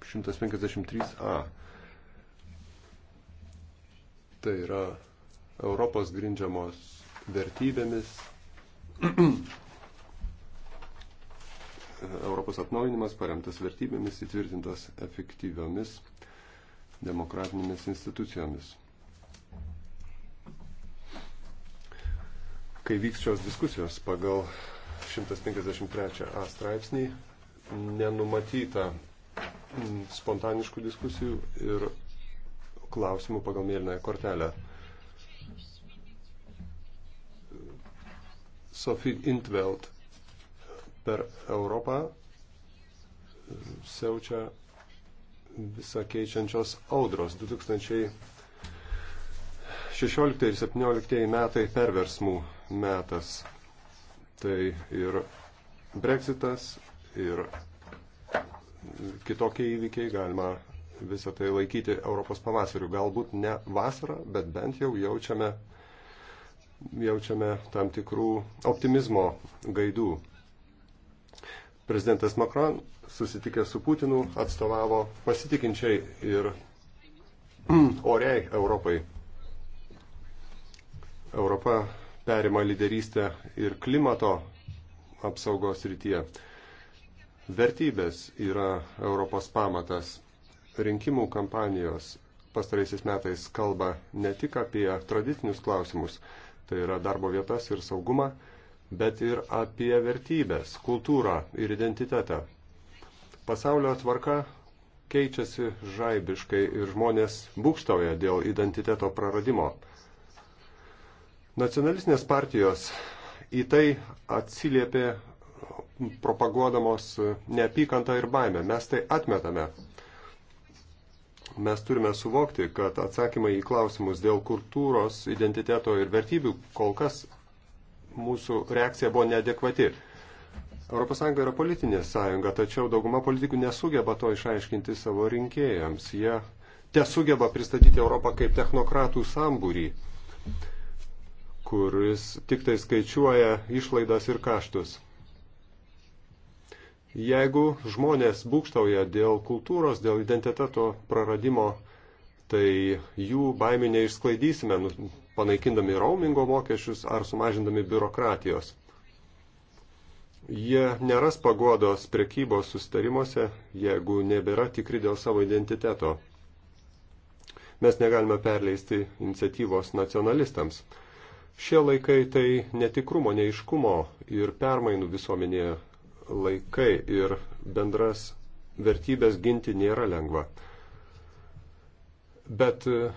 153a. Tai yra Europos grindžiamos vertybėmis, Europos atnaujinimas paremtas vertybėmis, įtvirtintas efektyviomis demokratinėmis institucijomis. Kai vyks šios diskusijos pagal 153a straipsnį, nenumatyta spontaniškų diskusijų ir klausimų pagal mėlynąją kortelę. Sophie Intveld per Europą siaučia visą keičiančios audros 2016 ir 17 metai perversmų metas. Tai ir Brexitas, ir kitokie įvykiai, galima visą tai laikyti Europos pavasariu. Galbūt ne vasarą, bet bent jau jaučiame, jaučiame tam tikrų optimizmo gaidų. Prezidentas Macron susitikęs su Putinu atstovavo pasitikinčiai ir oriai Europai. Europa perima lyderystę ir klimato apsaugos rytyje. Vertybės yra Europos pamatas. Rinkimų kampanijos pastaraisiais metais kalba ne tik apie tradicinius klausimus, tai yra darbo vietas ir saugumą, bet ir apie vertybės, kultūrą ir identitetą. Pasaulio tvarka keičiasi žaibiškai ir žmonės būkštauja dėl identiteto praradimo. Nacionalistinės partijos į tai atsiliepė propaguodamos neapykantą ir baimę. Mes tai atmetame. Mes turime suvokti, kad atsakymai į klausimus dėl kultūros, identiteto ir vertybių kol kas mūsų reakcija buvo neadekvati. ES yra politinė sąjunga, tačiau dauguma politikų nesugeba to išaiškinti savo rinkėjams. Jie tesugeba pristatyti Europą kaip technokratų sambūrį, kuris tik tai skaičiuoja išlaidas ir kaštus. Jeigu žmonės būkštauja dėl kultūros, dėl identiteto praradimo, tai jų baimį neišsklaidysime, nu, panaikindami roamingo mokesčius ar sumažindami biurokratijos. Jie neras pagodos prekybos sustarimuose, jeigu nebėra tikri dėl savo identiteto. Mes negalime perleisti iniciatyvos nacionalistams. Šie laikai tai netikrumo, neiškumo ir permainų visuomenėje laikai ir bendras vertybės ginti nėra lengva. Bet e,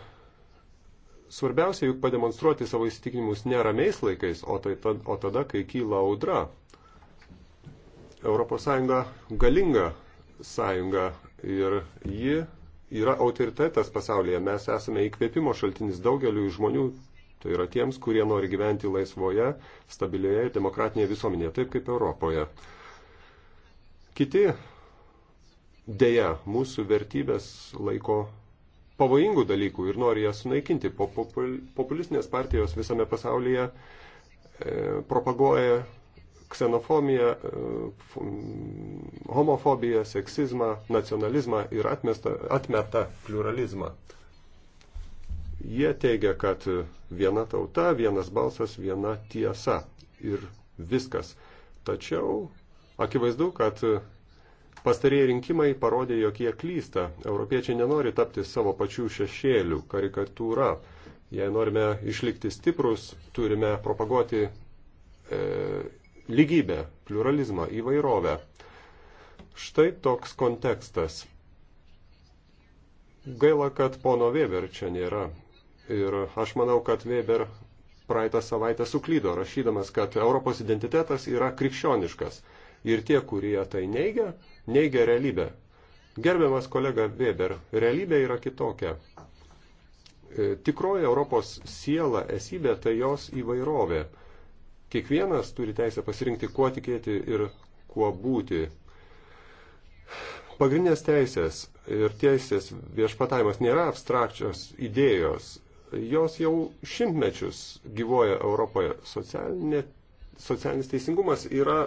svarbiausia juk pademonstruoti savo įsitikinimus ne ramiais laikais, o, tai, o tada, kai kyla audra. ES galinga sąjunga ir ji yra autoritetas pasaulyje. Mes esame įkvėpimo šaltinis daugeliu žmonių, tai yra tiems, kurie nori gyventi laisvoje, stabilioje ir demokratinėje visuomenėje, taip kaip Europoje. Kiti dėja mūsų vertybės laiko pavojingų dalykų ir nori jas sunaikinti. Populistinės partijos visame pasaulyje e, propaguoja ksenofobiją, e, homofobiją, seksizmą, nacionalizmą ir atmesta, atmeta pluralizmą. Jie teigia, kad viena tauta, vienas balsas, viena tiesa ir viskas. Tačiau Akivaizdu, kad pastarieji rinkimai parodė, jog jie klysta. Europiečiai nenori tapti savo pačių šešėlių, karikatūra. Jei norime išlikti stiprus, turime propaguoti e, lygybę, pluralizmą, įvairovę. Štai toks kontekstas. Gaila, kad pono Weber čia nėra. Ir aš manau, kad Weber praeitą savaitę suklydo, rašydamas, kad Europos identitetas yra krikščioniškas ir tie, kurie tai neigia, neigia realybę. Gerbiamas kolega Weber, realybė yra kitokia. E, tikroji Europos siela, esybė, tai jos įvairovė. Kiekvienas turi teisę pasirinkti, kuo tikėti ir kuo būti. Pagrindinės teisės ir teisės viešpatavimas nėra abstrakčios idėjos. Jos jau šimtmečius gyvoja Europoje. Socialinė, socialinis teisingumas yra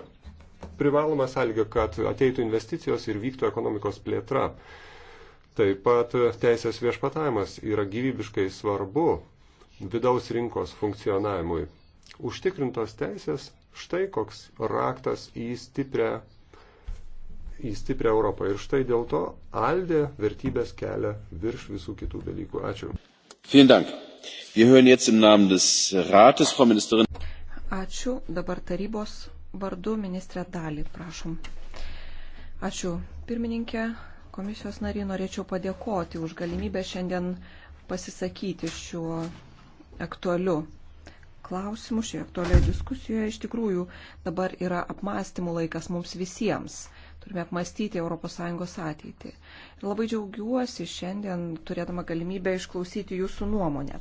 privaloma sąlyga, kad ateitų investicijos ir vyktų ekonomikos plėtra. Taip pat teisės viešpatavimas yra gyvybiškai svarbu vidaus rinkos funkcionavimui. Užtikrintos teisės štai koks raktas į stiprią, į stiprią Europą. Ir štai dėl to Aldė vertybės kelia virš visų kitų dalykų. Ačiū. Vielen Dank. Wir hören jetzt im Namen des Rates, Frau Ministerin. Ačiū. Dabar tarybos vardu ministrė Dali, prašom. Ačiū pirmininkė, komisijos nariai, norėčiau padėkoti už galimybę šiandien pasisakyti šiuo aktualiu klausimu, šioje aktualioje diskusijoje. Iš tikrųjų, dabar yra apmąstymų laikas mums visiems. Turime apmastyti ES ateitį. Ir labai džiaugiuosi šiandien turėdama galimybę išklausyti jūsų nuomonę.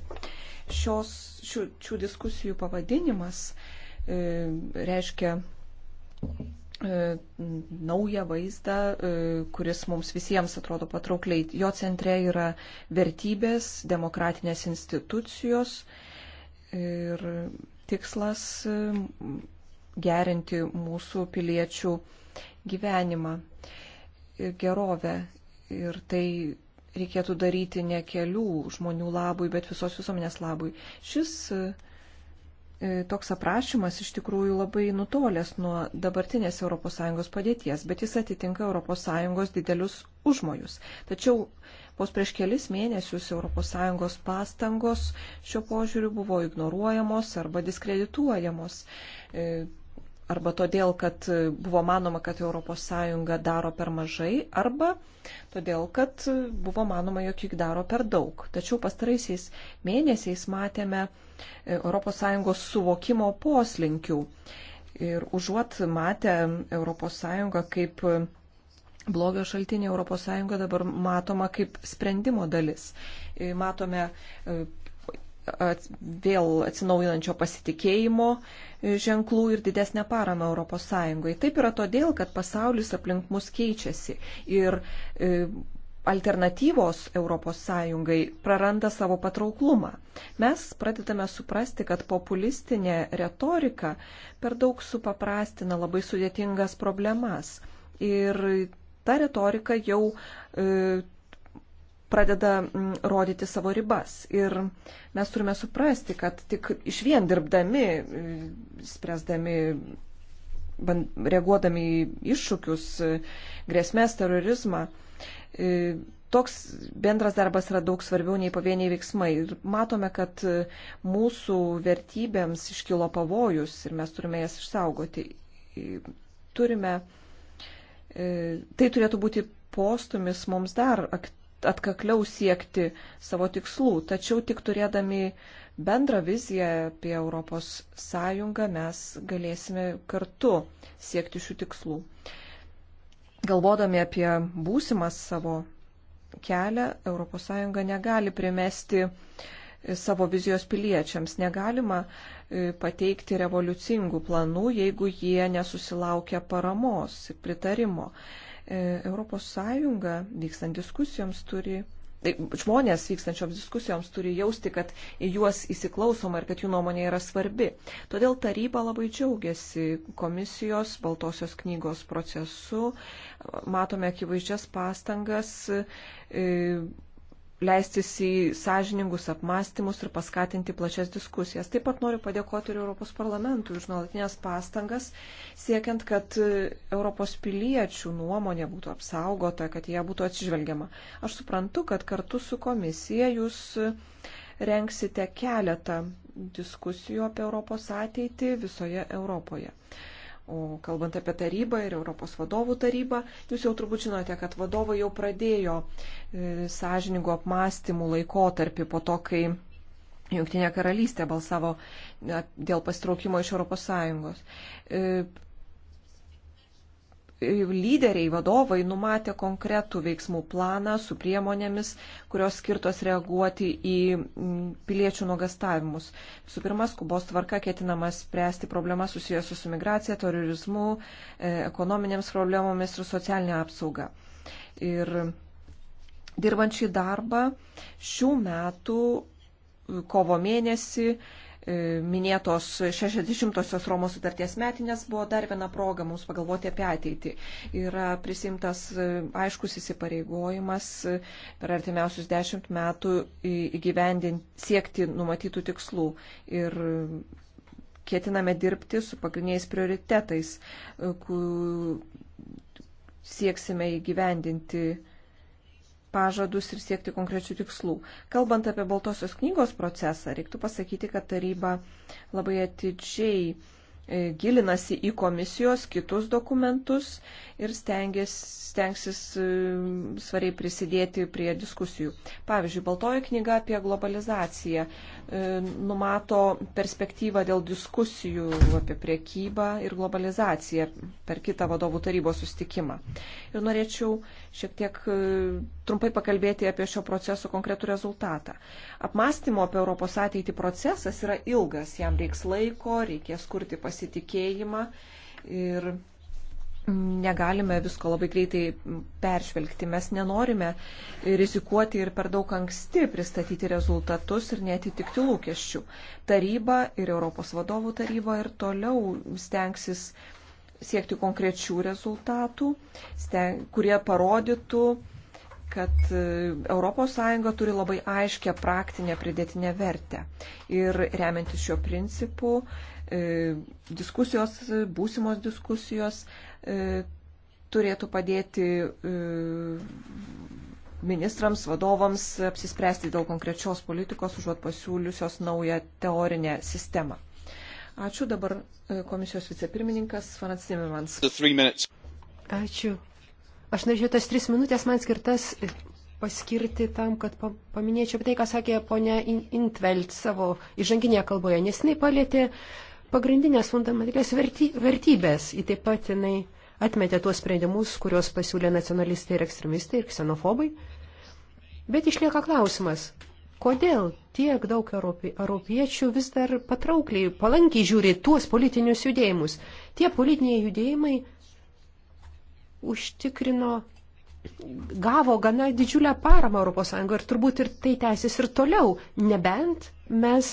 Šios, šių, šių diskusijų pavadinimas E, reiškia e, naują vaizdą, e, kuris mums visiems atrodo patraukliai. Jo centre yra vertybės, demokratinės institucijos ir tikslas gerinti mūsų piliečių gyvenimą ir gerovę. Ir tai reikėtų daryti ne kelių žmonių labui, bet visos visuomenės labui. Šis uh, E, toks aprašymas iš tikrųjų labai nutolęs nuo dabartinės ES padėties, bet jis atitinka ES didelius užmojus. Tačiau vos prieš kelis mėnesius ES pastangos šio požiūriu buvo ignoruojamos arba diskredituojamos. E, arba todėl, kad buvo manoma, kad ES daro per mažai, arba todėl, kad buvo manoma, jog jį daro per daug. Tačiau pastaraisiais mėnesiais matėme ES suvokimo poslinkių. Ir užuot matę ES kaip e, blogio šaltinį ES dabar matoma kaip sprendimo dalis. E, matome e, vėl atsinaujinančio pasitikėjimo ženklų ir didesnę paramą ES. Taip yra todėl, kad pasaulis aplink mus keičiasi ir e, alternatyvos ES praranda savo patrauklumą. Mes pradedame suprasti, kad populistinė retorika per daug supaprastina labai sudėtingas problemas. Ir ta retorika jau e, pradeda mm, rodyti savo ribas. Ir mes turime suprasti, kad tik iš vien dirbdami, mm, spręsdami, reaguodami į iššūkius, grėsmės, terorizmą, e, toks bendras darbas yra daug svarbiau nei pavieniai veiksmai. Ir matome, kad e, mūsų vertybėms iškilo pavojus ir mes turime jas išsaugoti. E, turime, tai turėtų būti postumis mums dar aktyviai atkakliau siekti savo tikslų. Tačiau tik turėdami bendrą viziją apie Europos Sąjungą mes galėsime kartu siekti šių tikslų. Galvodami apie būsimą savo kelią, Europos Sąjunga negali primesti e, savo vizijos piliečiams. Negalima e, pateikti revoliucingų planų, jeigu jie nesusilaukia paramos ir pritarimo. E, Europos Sąjunga vykstant diskusijoms turi e, žmonės vykstančioms diskusijoms turi jausti, kad į juos įsiklausoma ir kad jų nuomonė yra svarbi. Todėl taryba labai džiaugiasi komisijos Baltosios knygos procesu. Matome akivaizdžias pastangas e, leistis į sąžiningus apmąstymus ir paskatinti plačias diskusijas. Taip pat noriu padėkoti ir Europos parlamentui už nuolatinės pastangas, siekiant, kad Europos piliečių nuomonė būtų apsaugota, kad jie būtų atsižvelgiama. Aš suprantu, kad kartu su komisija jūs rengsite keletą diskusijų apie Europos ateitį visoje Europoje. O kalbant apie tarybą ir Europos vadovų tarybą, jūs jau turbūt žinote, kad vadovai jau pradėjo e, sąžiningų apmąstymų laikotarpį po to, kai Junktinė karalystė balsavo dėl pastraukimo iš ES lyderiai, vadovai numatė konkretų veiksmų planą su priemonėmis, kurios skirtos reaguoti į mm, piliečių nuogastavimus. Visų pirma, skubos tvarka ketinama spręsti problemas susijęs su migracija, terorizmu, e, ekonominėms problemomis ir socialinė apsauga. Ir dirbant šį darbą, šių metų kovo mėnesį E, minėtos 60-osios Romos sutarties metinės buvo dar viena proga mums pagalvoti apie ateitį. Yra prisimtas e, aiškus įsipareigojimas e, per artimiausius dešimt metų įgyvendinti, siekti numatytų tikslų. Ir ketiname dirbti su pagrindiniais prioritetais, kur sieksime įgyvendinti pažadus ir siekti konkrečių tikslų. Kalbant apie Baltosios knygos procesą, reiktų pasakyti, kad taryba labai atidžiai e, gilinasi į komisijos kitus dokumentus ir stengės, stengsis e, svariai prisidėti prie diskusijų. Pavyzdžiui, Baltoji knyga apie globalizaciją e, numato perspektyvą dėl diskusijų apie priekybą ir globalizaciją per kitą vadovų tarybos sustikimą. Ir norėčiau šiek tiek trumpai pakalbėti apie šio proceso konkretų rezultatą. Apmastymo apie Europos ateitį procesas yra ilgas, jam reiks laiko, reikės kurti pasitikėjimą ir negalime visko labai greitai peržvelgti. Mes nenorime rizikuoti ir per daug anksti pristatyti rezultatus ir netitikti lūkesčių. Taryba ir Europos vadovų taryba ir toliau stengsis siekti konkrečių rezultatų, kurie parodytų, kad ES turi labai aiškę praktinę pridėtinę vertę. Ir remiantis šio principu, e, diskusijos, būsimos diskusijos e, turėtų padėti e, ministrams, vadovams apsispręsti dėl konkrečios politikos, užuot pasiūliusios naują teorinę sistemą. Ačiū dabar komisijos vicepirmininkas Francisimimans. Ačiū. Aš norėčiau tas tris minutės man skirtas paskirti tam, kad paminėčiau tai, ką sakė ponia Intvelt savo įžanginėje kalboje, nes jinai palėtė pagrindinės fundamentalias vertybės. Ji taip pat jinai atmetė tuos sprendimus, kuriuos pasiūlė nacionalistai ir ekstremistai ir ksenofobai. Bet išlieka klausimas, kodėl tiek daug europie, europiečių vis dar patraukliai, palankiai žiūri tuos politinius judėjimus. Tie politiniai judėjimai užtikrino, gavo gana didžiulę paramą ES ir turbūt ir tai tęsis ir toliau, nebent mes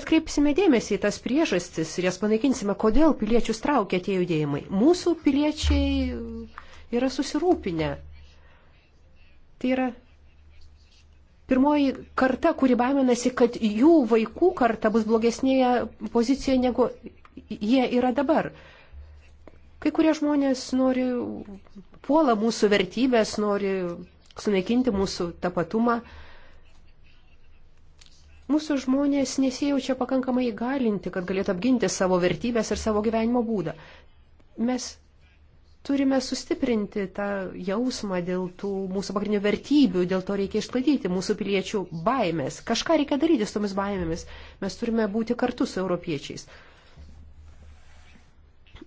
atkreipsime dėmesį į tas priežastis ir jas panaikinsime, kodėl piliečius traukia tie judėjimai. Mūsų piliečiai yra susirūpinę. Tai yra pirmoji karta, kuri baiminasi, kad jų vaikų karta bus blogesnėje pozicijoje, negu jie yra dabar. Kai kurie žmonės nori, puola mūsų vertybės, nori sunaikinti mūsų tapatumą. Mūsų žmonės nesijaučia pakankamai įgalinti, kad galėtų apginti savo vertybės ir savo gyvenimo būdą. Mes turime sustiprinti tą jausmą dėl tų mūsų pagrindinių vertybių, dėl to reikia išklaidyti mūsų piliečių baimės. Kažką reikia daryti su tomis baimėmis. Mes turime būti kartu su europiečiais.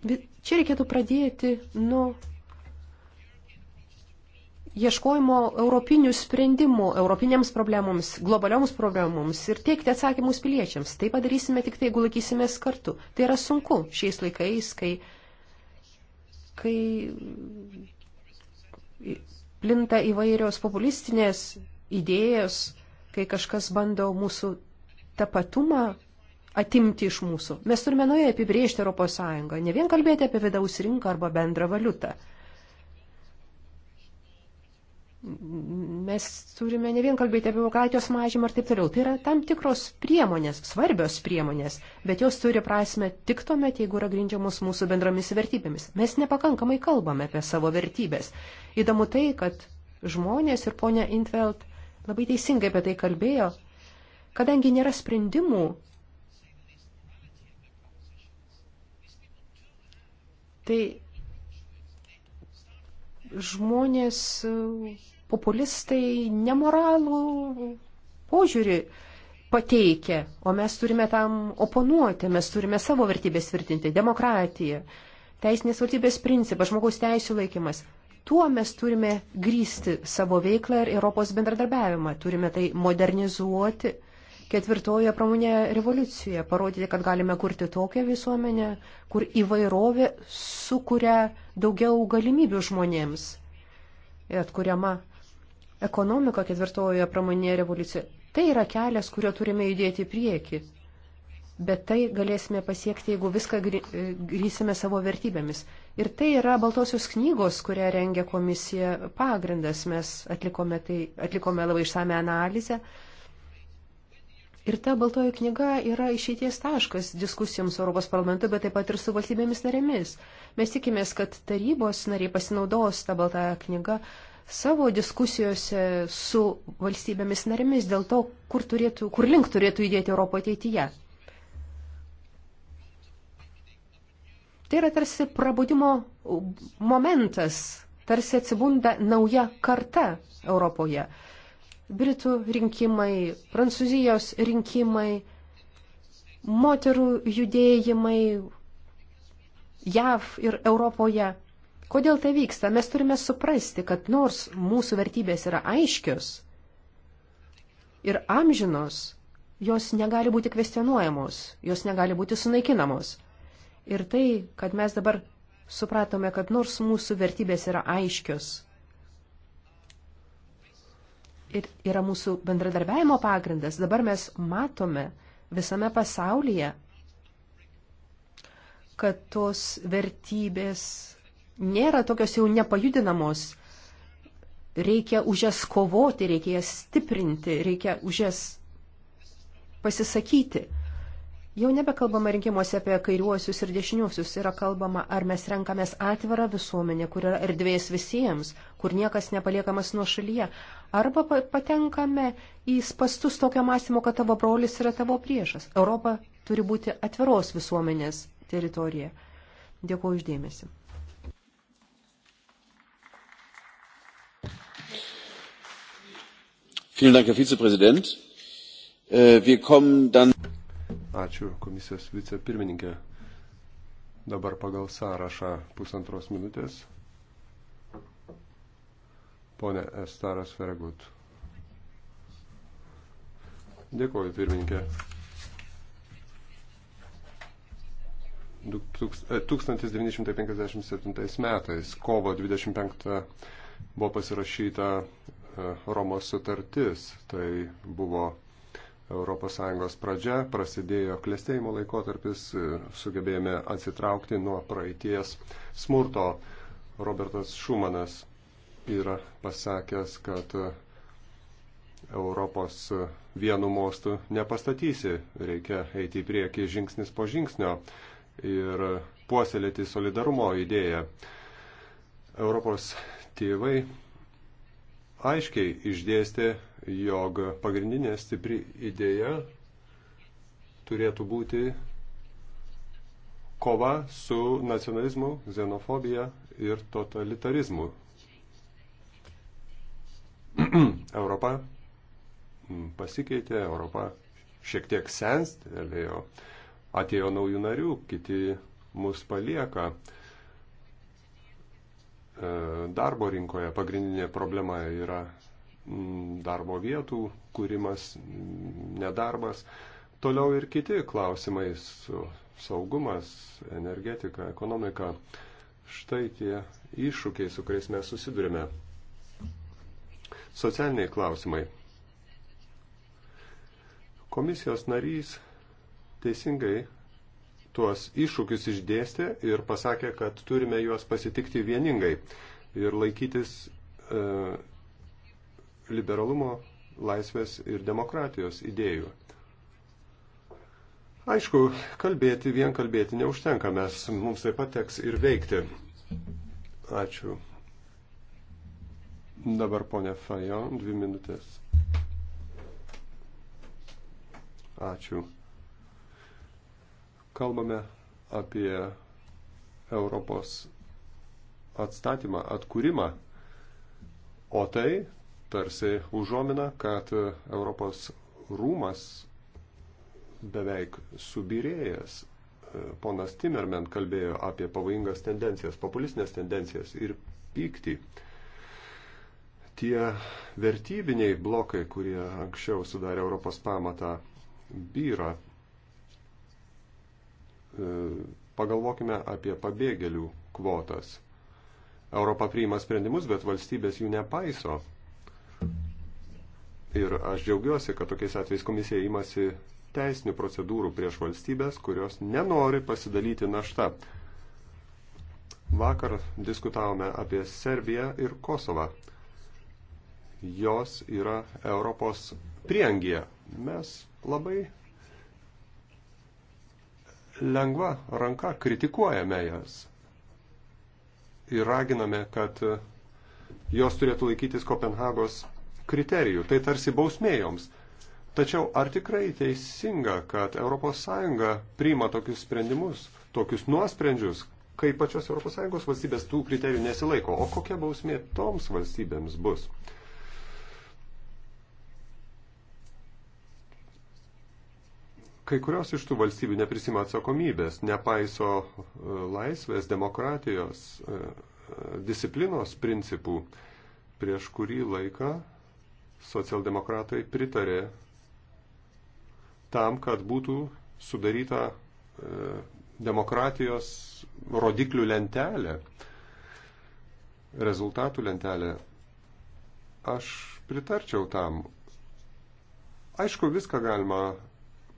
Bet čia reikėtų pradėti nuo ieškojimo europinių sprendimų europinėms problemoms, globalioms problemoms ir teikti atsakymus piliečiams. Tai padarysime tik tai, jeigu laikysimės kartu. Tai yra sunku šiais laikais, kai, kai plinta įvairios populistinės idėjos, kai kažkas bando mūsų tapatumą atimti iš mūsų. Mes turime nuoje apibriežti ES, ne vien kalbėti apie vidaus rinką arba bendrą valiutą. Mes turime ne vien kalbėti apie vokalijos mažymą ir taip toliau. Tai yra tam tikros priemonės, svarbios priemonės, bet jos turi prasme tik tuomet, jeigu yra grindžiamos mūsų bendromis vertybėmis. Mes nepakankamai kalbame apie savo vertybės. Įdomu tai, kad žmonės ir ponia Intveld labai teisingai apie tai kalbėjo, kadangi nėra sprendimų Tai žmonės, populistai nemoralų požiūrį pateikia, o mes turime tam oponuoti, mes turime savo vertybės tvirtinti, demokratiją, teisinės vertybės principas, žmogaus teisų laikymas. Tuo mes turime grįsti savo veiklą ir Europos bendradarbiavimą, turime tai modernizuoti ketvirtoje pramonėje revoliucijoje, parodyti, kad galime kurti tokią visuomenę, kur įvairovė sukuria daugiau galimybių žmonėms. Ir atkuriama ekonomika ketvirtoje pramonėje revoliucijoje. Tai yra kelias, kurio turime judėti į priekį. Bet tai galėsime pasiekti, jeigu viską grįsime e, savo vertybėmis. Ir tai yra Baltosios knygos, kurią rengia komisija pagrindas. Mes atlikome, tai, atlikome labai išsame analizę Ir ta baltoji knyga yra išeities taškas diskusijoms Europos parlamentu, bet taip pat ir su valstybėmis narėmis. Mes tikimės, kad tarybos nariai pasinaudos tą baltąją knygą savo diskusijose su valstybėmis narėmis dėl to, kur, turėtų, kur link turėtų įdėti Europo ateityje. Tai yra tarsi prabudimo momentas, tarsi atsibunda nauja karta Europoje. Britų rinkimai, Prancūzijos rinkimai, moterų judėjimai JAV ir Europoje. Kodėl tai vyksta? Mes turime suprasti, kad nors mūsų vertybės yra aiškios ir amžinos, jos negali būti kvestionuojamos, jos negali būti sunaikinamos. Ir tai, kad mes dabar supratome, kad nors mūsų vertybės yra aiškios ir yra mūsų bendradarbiavimo pagrindas. Dabar mes matome visame pasaulyje, kad tos vertybės nėra tokios jau nepajudinamos. Reikia už jas kovoti, reikia jas stiprinti, reikia už jas pasisakyti. Jau nebekalbama rinkimuose apie kairiuosius ir dešiniuosius, yra kalbama, ar mes renkamės atvirą visuomenę, kur yra erdvės visiems, kur niekas nepaliekamas nuo šalyje, arba patenkame į spastus tokio mąstymo, kad tavo brolis yra tavo priešas. Europa turi būti atviros visuomenės teritorija. Dėkuoju uždėmesi. Vielen Dank, Herr Vizepräsident. Äh, wir kommen dann. Ačiū komisijos vicepirmininkė. Dabar pagal sąrašą pusantros minutės. Pone Estaras Feregut. Dėkuoju, pirmininkė. 1957 e, metais, kovo 25 buvo pasirašyta e, Romos sutartis. Tai buvo ES pradžia, prasidėjo klėstėjimo laikotarpis, sugebėjome atsitraukti nuo praeities smurto. Robertas Šumanas yra pasakęs, kad Europos vienu mostu nepastatysi, reikia eiti į priekį žingsnis po žingsnio ir puoselėti solidarumo idėją. Europos tėvai aiškiai išdėstė jog pagrindinė stipri idėja turėtų būti kova su nacionalizmu, xenofobija ir totalitarizmu. Europa mm, pasikeitė, Europa šiek tiek senstelėjo, atėjo naujų narių, kiti mus palieka. E, darbo rinkoje pagrindinė problema yra Mm, darbo vietų kūrimas, mm, nedarbas. Toliau ir kiti klausimai - saugumas, energetika, ekonomika. Štai tie iššūkiai, su kuriais mes susidurime. Socialiniai klausimai. Komisijos narys teisingai tuos iššūkius išdėstė ir pasakė, kad turime juos pasitikti vieningai ir laikytis e, liberalumo, laisvės ir demokratijos idėjų. Aišku, kalbėti, vien kalbėti neužtenka, mes, mums taip pat teks ir veikti. Ačiū. Dabar ponė Fajon, dvi minutės. Ačiū. Kalbame apie Europos atstatymą, atkūrimą, o tai tarsi užuomina, kad Europos rūmas beveik subirėjęs. E, ponas Timerman kalbėjo apie pavojingas tendencijas, populistinės tendencijas ir pyktį. Tie vertybiniai blokai, kurie anksčiau sudarė Europos pamatą, byra. E, pagalvokime apie pabėgėlių kvotas. Europa priima sprendimus, bet valstybės jų nepaiso. Ir aš džiaugiuosi, kad tokiais atvejais komisija imasi teisinių procedūrų prieš valstybės, kurios nenori pasidalyti naštą. Vakar diskutavome apie Serbiją ir Kosovą. Jos yra Europos priengija. Mes labai lengva ranka kritikuojame jas ir raginame, kad jos turėtų laikytis Kopenhagos kriterijų. Tai tarsi bausmėjoms. Tačiau ar tikrai teisinga, kad ES priima tokius sprendimus, tokius nuosprendžius, kai pačios ES valstybės tų kriterijų nesilaiko? O kokia bausmė toms valstybėms bus? Kai kurios iš tų valstybių neprisima atsakomybės, nepaiso e, laisvės, demokratijos, e, e, disciplinos principų. Prieš kurį laiką socialdemokratai pritarė tam, kad būtų sudaryta e, demokratijos rodiklių lentelė, rezultatų lentelė. Aš pritarčiau tam. Aišku, viską galima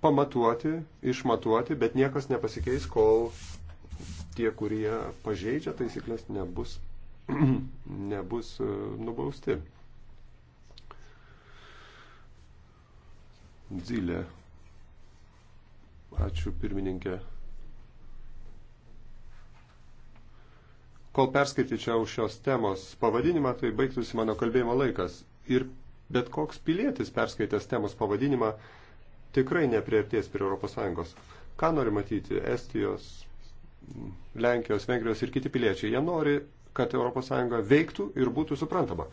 pamatuoti, išmatuoti, bet niekas nepasikeis, kol tie, kurie pažeidžia taisyklės, nebus, nebus e, nubausti. Dzylė. Ačiū pirmininkė. Kol perskaityčiau šios temos pavadinimą, tai baigtųsi mano kalbėjimo laikas. Ir bet koks pilietis perskaitęs temos pavadinimą tikrai nepriartės prie ES. Ką nori matyti Estijos, Lenkijos, Vengrijos ir kiti piliečiai? Jie nori, kad ES veiktų ir būtų suprantama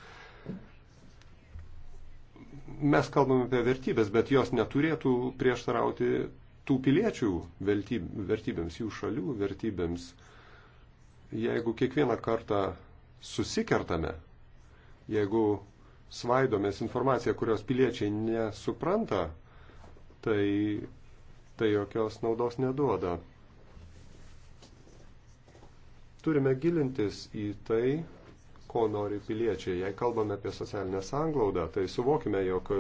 mes kalbame apie vertybės, bet jos neturėtų prieštarauti tų piliečių vertybėms, jų šalių vertybėms. Jeigu kiekvieną kartą susikertame, jeigu svaidomės informaciją, kurios piliečiai nesupranta, tai, tai jokios naudos neduoda. Turime gilintis į tai, ko nori piliečiai. Jei kalbame apie socialinę sanglaudą, tai suvokime, jog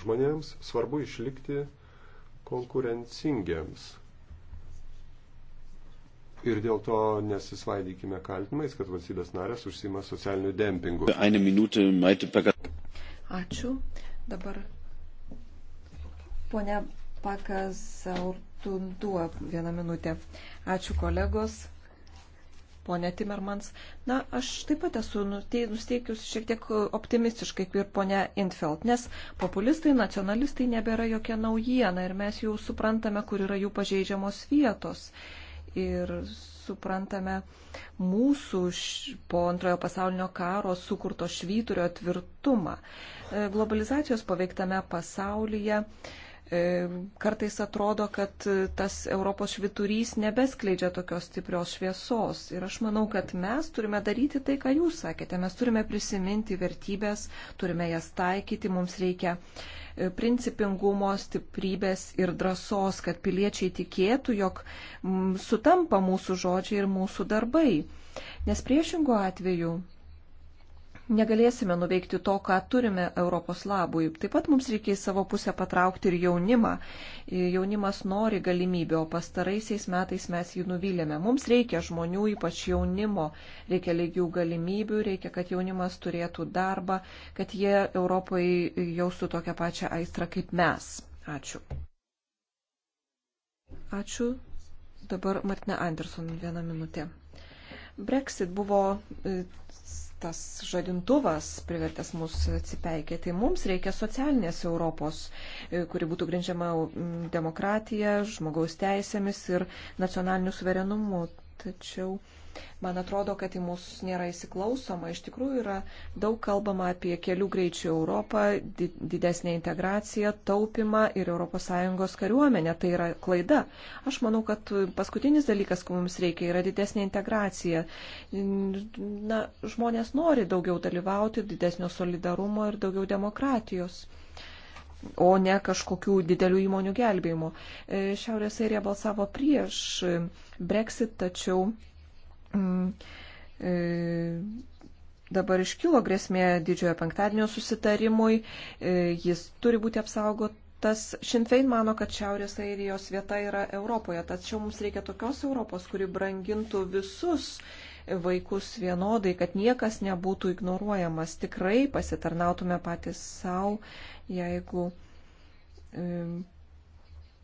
žmonėms svarbu išlikti konkurencingiams. Ir dėl to nesisvaidykime kaltinimais, kad valstybės narės užsima socialiniu dempingu. Ačiū. Dabar ponia Pakas Urtundua vieną minutę. Ačiū kolegos ponė Timermans. Na, aš taip pat esu nusteikius šiek tiek optimistiškai, kaip ir ponė Infeld, nes populistai, nacionalistai nebėra jokia naujiena ir mes jau suprantame, kur yra jų pažeidžiamos vietos. Ir suprantame mūsų š, po antrojo pasaulinio karo sukurto švyturio tvirtumą. E, globalizacijos paveiktame pasaulyje E, kartais atrodo, kad tas Europos šviturys nebeskleidžia tokios stiprios šviesos. Ir aš manau, kad mes turime daryti tai, ką jūs sakėte. Mes turime prisiminti vertybės, turime jas taikyti, mums reikia e, principingumo, stiprybės ir drąsos, kad piliečiai tikėtų, jog sutampa mūsų žodžiai ir mūsų darbai. Nes priešingų atveju negalėsime nuveikti to, ką turime Europos labui. Taip pat mums reikia į savo pusę patraukti ir jaunimą. E, jaunimas nori galimybę, o pastaraisiais metais mes jį nuvylėme. Mums reikia žmonių, ypač jaunimo, reikia lygių galimybių, reikia, kad jaunimas turėtų darbą, kad jie Europoje jaustų tokią pačią aistrą kaip mes. Ačiū. Ačiū. Dabar Martina Anderson vieną minutę. Brexit buvo e, tas žadintuvas privertęs mus atsipeikėti. Tai mums reikia socialinės Europos, e, kuri būtų grindžiama demokratija, žmogaus teisėmis ir nacionaliniu suverenumu tačiau man atrodo, kad į mus nėra įsiklausoma. Iš tikrųjų yra daug kalbama apie kelių greičių Europą, didesnę integraciją, taupimą ir ES kariuomenę. Tai yra klaida. Aš manau, kad paskutinis dalykas, ko mums reikia, yra didesnė integracija. Na, žmonės nori daugiau dalyvauti, didesnio solidarumo ir daugiau demokratijos o ne kažkokių didelių įmonių gelbėjimo. E, Šiaurės Airija balsavo prieš e, Brexit, tačiau mm, e, dabar iškilo grėsmė didžiojo penktadienio susitarimui, e, jis turi būti apsaugot. Tas Šinfein mano, kad Šiaurės Airijos vieta yra Europoje, tačiau mums reikia tokios Europos, kuri brangintų visus vaikus vienodai, kad niekas nebūtų ignoruojamas. Tikrai pasitarnautume patys savo, jeigu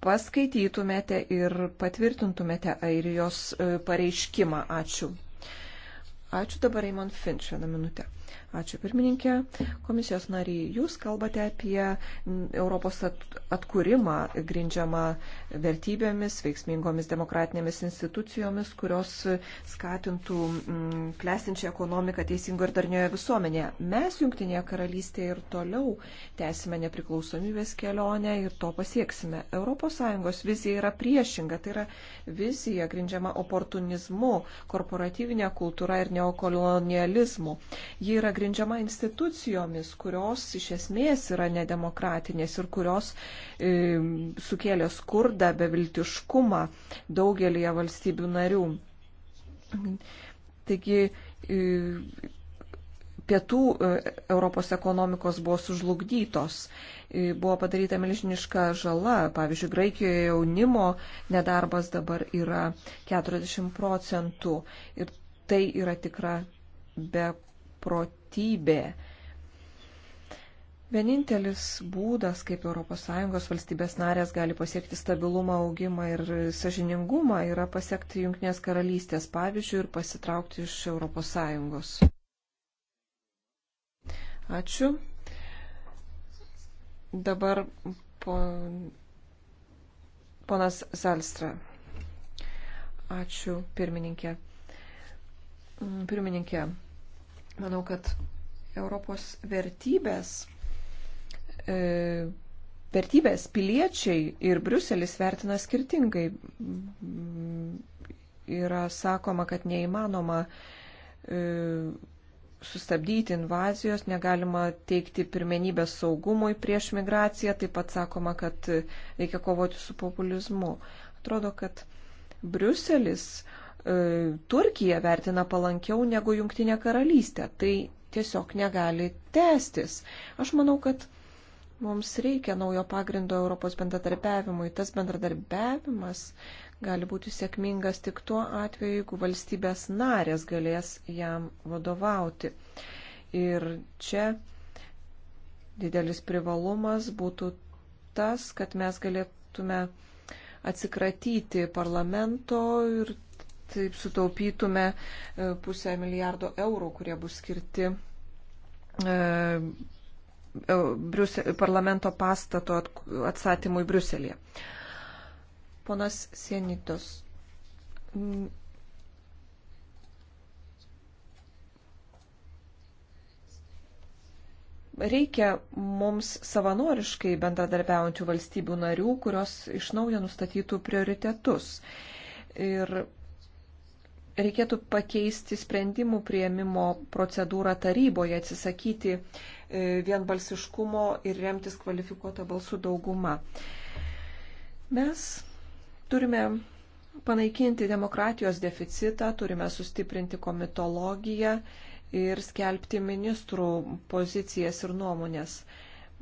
paskaitytumėte ir patvirtintumėte Airijos e, pareiškimą. Ačiū. Ačiū dabar Eimon Finch vieną minutę. Ačiū pirmininkė. Komisijos nariai, jūs kalbate apie Europos atkūrimą grindžiamą vertybėmis, veiksmingomis demokratinėmis institucijomis, kurios skatintų mm, klestinčią ekonomiką teisingo ir darnioje visuomenėje. Mes Junktinėje karalystėje ir toliau tęsime nepriklausomybės kelionę ir to pasieksime. ES vizija yra priešinga, tai yra vizija grindžiama oportunizmu, korporatyvinė kultūra ir neokolonializmu. Ji yra grindžiama institucijomis, kurios iš esmės yra nedemokratinės ir kurios e, sukėlė skurdą, beviltiškumą daugelį valstybių narių. Taigi e, pietų e, Europos ekonomikos buvo sužlugdytos, e, buvo padaryta milžiniška žala. Pavyzdžiui, Graikijoje jaunimo nedarbas dabar yra 40 procentų ir tai yra tikra be beprotybė. Vienintelis būdas, kaip ES valstybės narės gali pasiekti stabilumą, augimą ir sažiningumą, yra pasiekti Junktinės karalystės pavyzdžių ir pasitraukti iš ES. Ačiū. Dabar pon... ponas Zalstra. Ačiū, pirmininkė. Mm, pirmininkė, Manau, kad Europos vertybės, e, vertybės piliečiai ir Bruselis vertina skirtingai. Yra sakoma, kad neįmanoma e, sustabdyti invazijos, negalima teikti pirmenybę saugumui prieš migraciją, taip pat sakoma, kad reikia kovoti su populizmu. Atrodo, kad Bruselis e, E, Turkija vertina palankiau negu Junktinė karalystė. Tai tiesiog negali tęstis. Aš manau, kad mums reikia naujo pagrindo Europos bendradarbiavimui. Tas bendradarbiavimas gali būti sėkmingas tik tuo atveju, jeigu valstybės narės galės jam vadovauti. Ir čia didelis privalumas būtų tas, kad mes galėtume atsikratyti parlamento ir taip sutaupytume e, pusę milijardo eurų, kurie bus skirti e, e, parlamento pastato atstatymui Briuselėje. Ponas Sienitos. Mm. Reikia mums savanoriškai bendradarbiaujančių valstybių narių, kurios iš naujo nustatytų prioritetus. Ir reikėtų pakeisti sprendimų prieimimo procedūrą taryboje, atsisakyti e, vienbalsiškumo ir remtis kvalifikuotą balsų daugumą. Mes turime panaikinti demokratijos deficitą, turime sustiprinti komitologiją ir skelbti ministrų pozicijas ir nuomonės.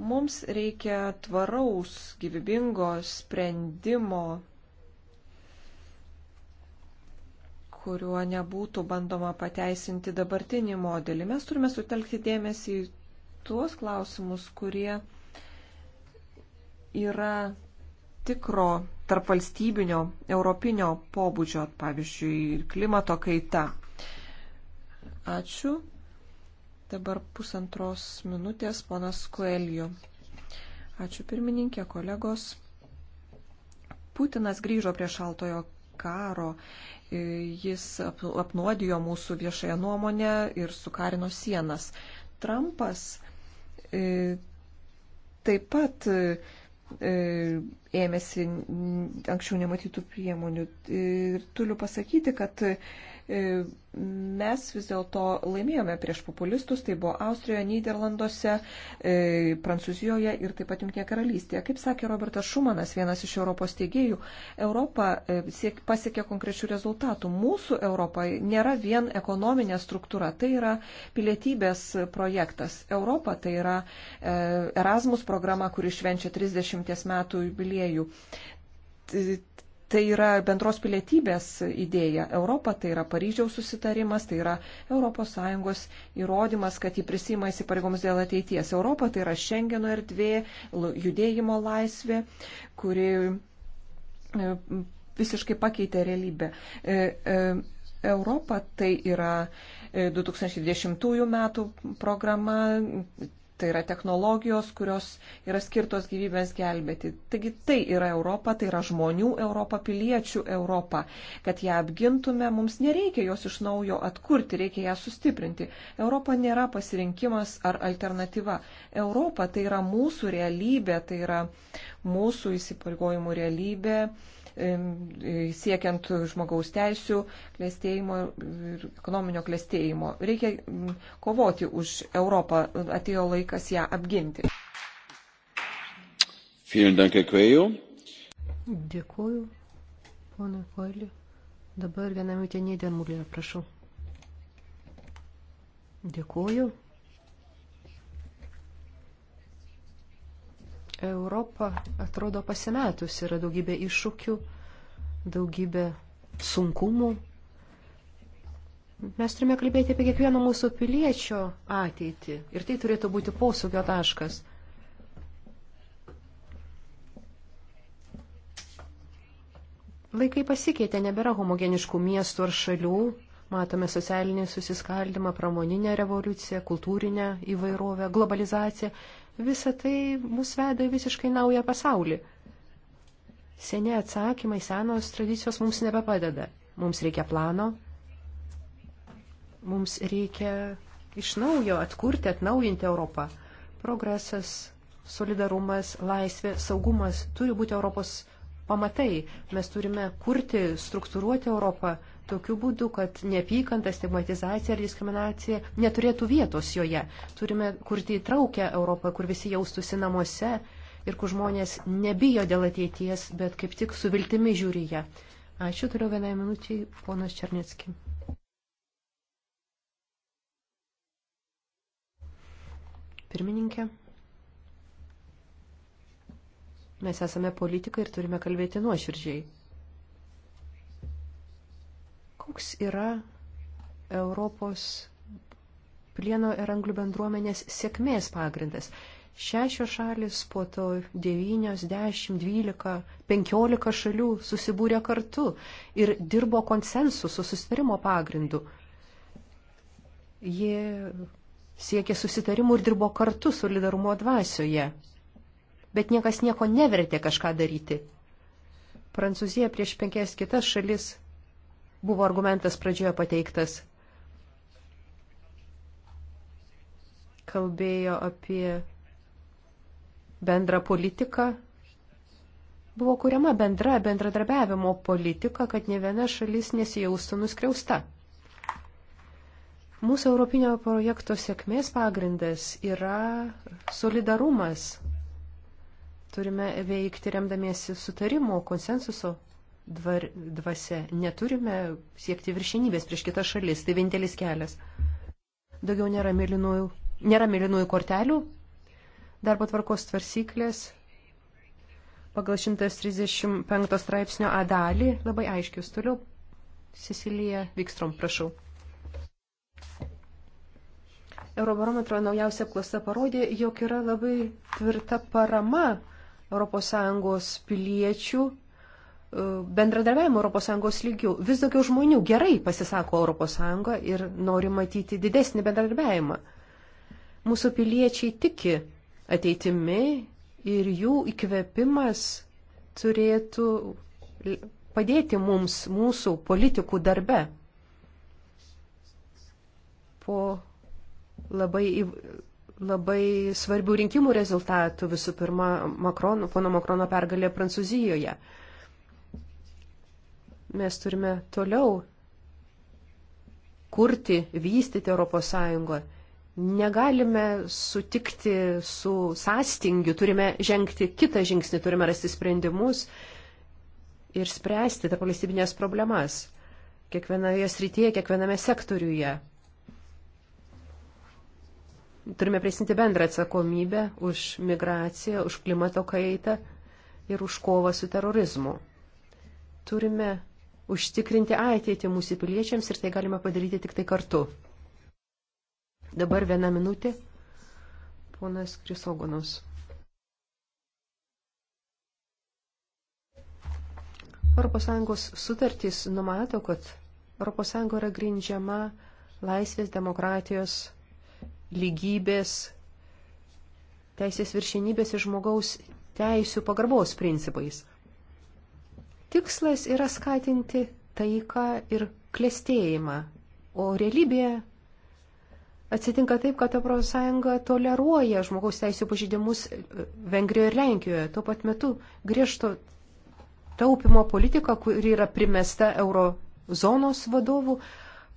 Mums reikia tvaraus, gyvybingo sprendimo kuriuo nebūtų bandoma pateisinti dabartinį modelį. Mes turime sutelkti dėmesį į tuos klausimus, kurie yra tikro tarp valstybinio, europinio pobūdžio, pavyzdžiui, klimato kaita. Ačiū. Dabar pusantros minutės ponas Koeliu. Ačiū pirmininkė, kolegos. Putinas grįžo prie šaltojo karo jis apnuodijo mūsų viešąją nuomonę ir sukarino sienas. Trumpas e, taip pat e, e, ėmėsi anksčiau nematytų priemonių. Ir turiu pasakyti, kad E, mes vis dėlto laimėjome prieš populistus, tai buvo Austrijoje, Niderlanduose, e, Prancūzijoje ir taip pat Junktinėje karalystėje. Kaip sakė Robertas Šumanas, vienas iš Europos teigėjų, Europa e, siek, pasiekė konkrečių rezultatų. Mūsų Europa nėra vien ekonominė struktūra, tai yra pilietybės projektas. Europa tai yra Erasmus programa, kuri švenčia 30 metų jubiliejų tai yra bendros pilietybės idėja. Europa tai yra Paryžiaus susitarimas, tai yra ES įrodymas, kad jį prisima įsipareigomus dėl ateities. Europa tai yra Schengeno erdvė, judėjimo laisvė, kuri e, visiškai pakeitė realybę. E, e, Europa tai yra 2010 metų programa, Tai yra technologijos, kurios yra skirtos gyvybės gelbėti. Taigi tai yra Europa, tai yra žmonių Europa, piliečių Europa. Kad ją apgintume, mums nereikia jos iš naujo atkurti, reikia ją sustiprinti. Europa nėra pasirinkimas ar alternatyva. Europa tai yra mūsų realybė, tai yra mūsų įsipareigojimų realybė E, siekiant žmogaus teisų, klėstėjimo ir ekonominio klėstėjimo. Reikia kovoti už Europą, atėjo laikas ją apginti. Dėkuoju, ponui Koeliu. Dabar vieną minutę Nėdė Mulė, prašau. Dėkuoju. Europa atrodo pasimetus, yra daugybė iššūkių, daugybė sunkumų. Mes turime kalbėti apie kiekvieno mūsų piliečio ateitį ir tai turėtų būti posūkio taškas. Laikai pasikeitė, nebėra homogeniškų miestų ar šalių, Matome socialinį susiskaldimą, pramoninę revoliuciją, kultūrinę įvairovę, globalizaciją. Visa tai mus veda į visiškai naują pasaulį. Seni atsakymai, senos tradicijos mums nebepadeda. Mums reikia plano, mums reikia iš naujo atkurti, atnaujinti Europą. Progresas, solidarumas, laisvė, saugumas turi būti Europos pamatai. Mes turime kurti, struktūruoti Europą tokiu būdu, kad neapykanta, stigmatizacija ir diskriminacija neturėtų vietos joje. Turime kurti įtraukę Europą, kur visi jaustųsi namuose ir kur žmonės nebijo dėl ateities, bet kaip tik su viltimi žiūri ją. Ačiū, turiu vienai minutiai, ponas Černecki. Pirmininkė. Mes esame politikai ir turime kalbėti nuoširdžiai. Koks yra Europos plieno ir anglių bendruomenės sėkmės pagrindas? Šešios šalis, po to devynios, dešimt, dvylika, penkiolika šalių susibūrė kartu ir dirbo konsensusu susitarimo pagrindu. Jie siekė susitarimų ir dirbo kartu solidarumo dvasioje. Bet niekas nieko nevertė kažką daryti. Prancūzija prieš penkias kitas šalis buvo argumentas pradžioje pateiktas. Kalbėjo apie bendrą politiką. Buvo kuriama bendra bendradarbiavimo politika, kad ne viena šalis nesijaustų nuskriausta. Mūsų europinio projekto sėkmės pagrindas yra solidarumas. Turime veikti remdamiesi sutarimo, konsensuso dvar, dvasia. Neturime siekti viršinybės prieš kitas šalis. Tai vienintelis kelias. Daugiau nėra mėlynųjų, nėra mėlynųjų kortelių. Darbo tvarkos tvarsyklės pagal 135 straipsnio A dalį labai aiškius. Toliau Cecilija Vikstrom, prašau. Eurobarometro naujausia apklausa parodė, jog yra labai tvirta parama ES piliečių bendradarbiavimo ES lygių vis daugiau žmonių gerai pasisako ES ir nori matyti didesnį bendradarbiavimą. Mūsų piliečiai tiki ateitimi ir jų įkvėpimas turėtų padėti mums mūsų politikų darbe. Po labai, labai svarbių rinkimų rezultatų, visų pirma, Makrono, pono Makrono pergalė Prancūzijoje. Mes turime toliau kurti, vystyti ES. Negalime sutikti su sąstingiu, turime žengti kitą žingsnį, turime rasti sprendimus ir spręsti tarp valstybinės problemas kiekvienoje srityje, kiekviename sektoriuje. Turime prisimti bendrą atsakomybę už migraciją, už klimato kaitą ir už kovą su terorizmu. Turime užtikrinti ateitį mūsų piliečiams ir tai galima padaryti tik tai kartu. Dabar viena minutė. Ponas Krisogonos. ES sutartys numato, kad ES yra grindžiama laisvės, demokratijos, lygybės, teisės viršenybės ir žmogaus teisų pagarbos principais – Tikslas yra skatinti taiką ir klėstėjimą, o realybėje atsitinka taip, kad Europos Sąjunga toleruoja žmogaus teisų pažydimus e, Vengrijoje ir Lenkijoje. Tuo pat metu griežto taupimo politika, kuri yra primesta eurozonos vadovų,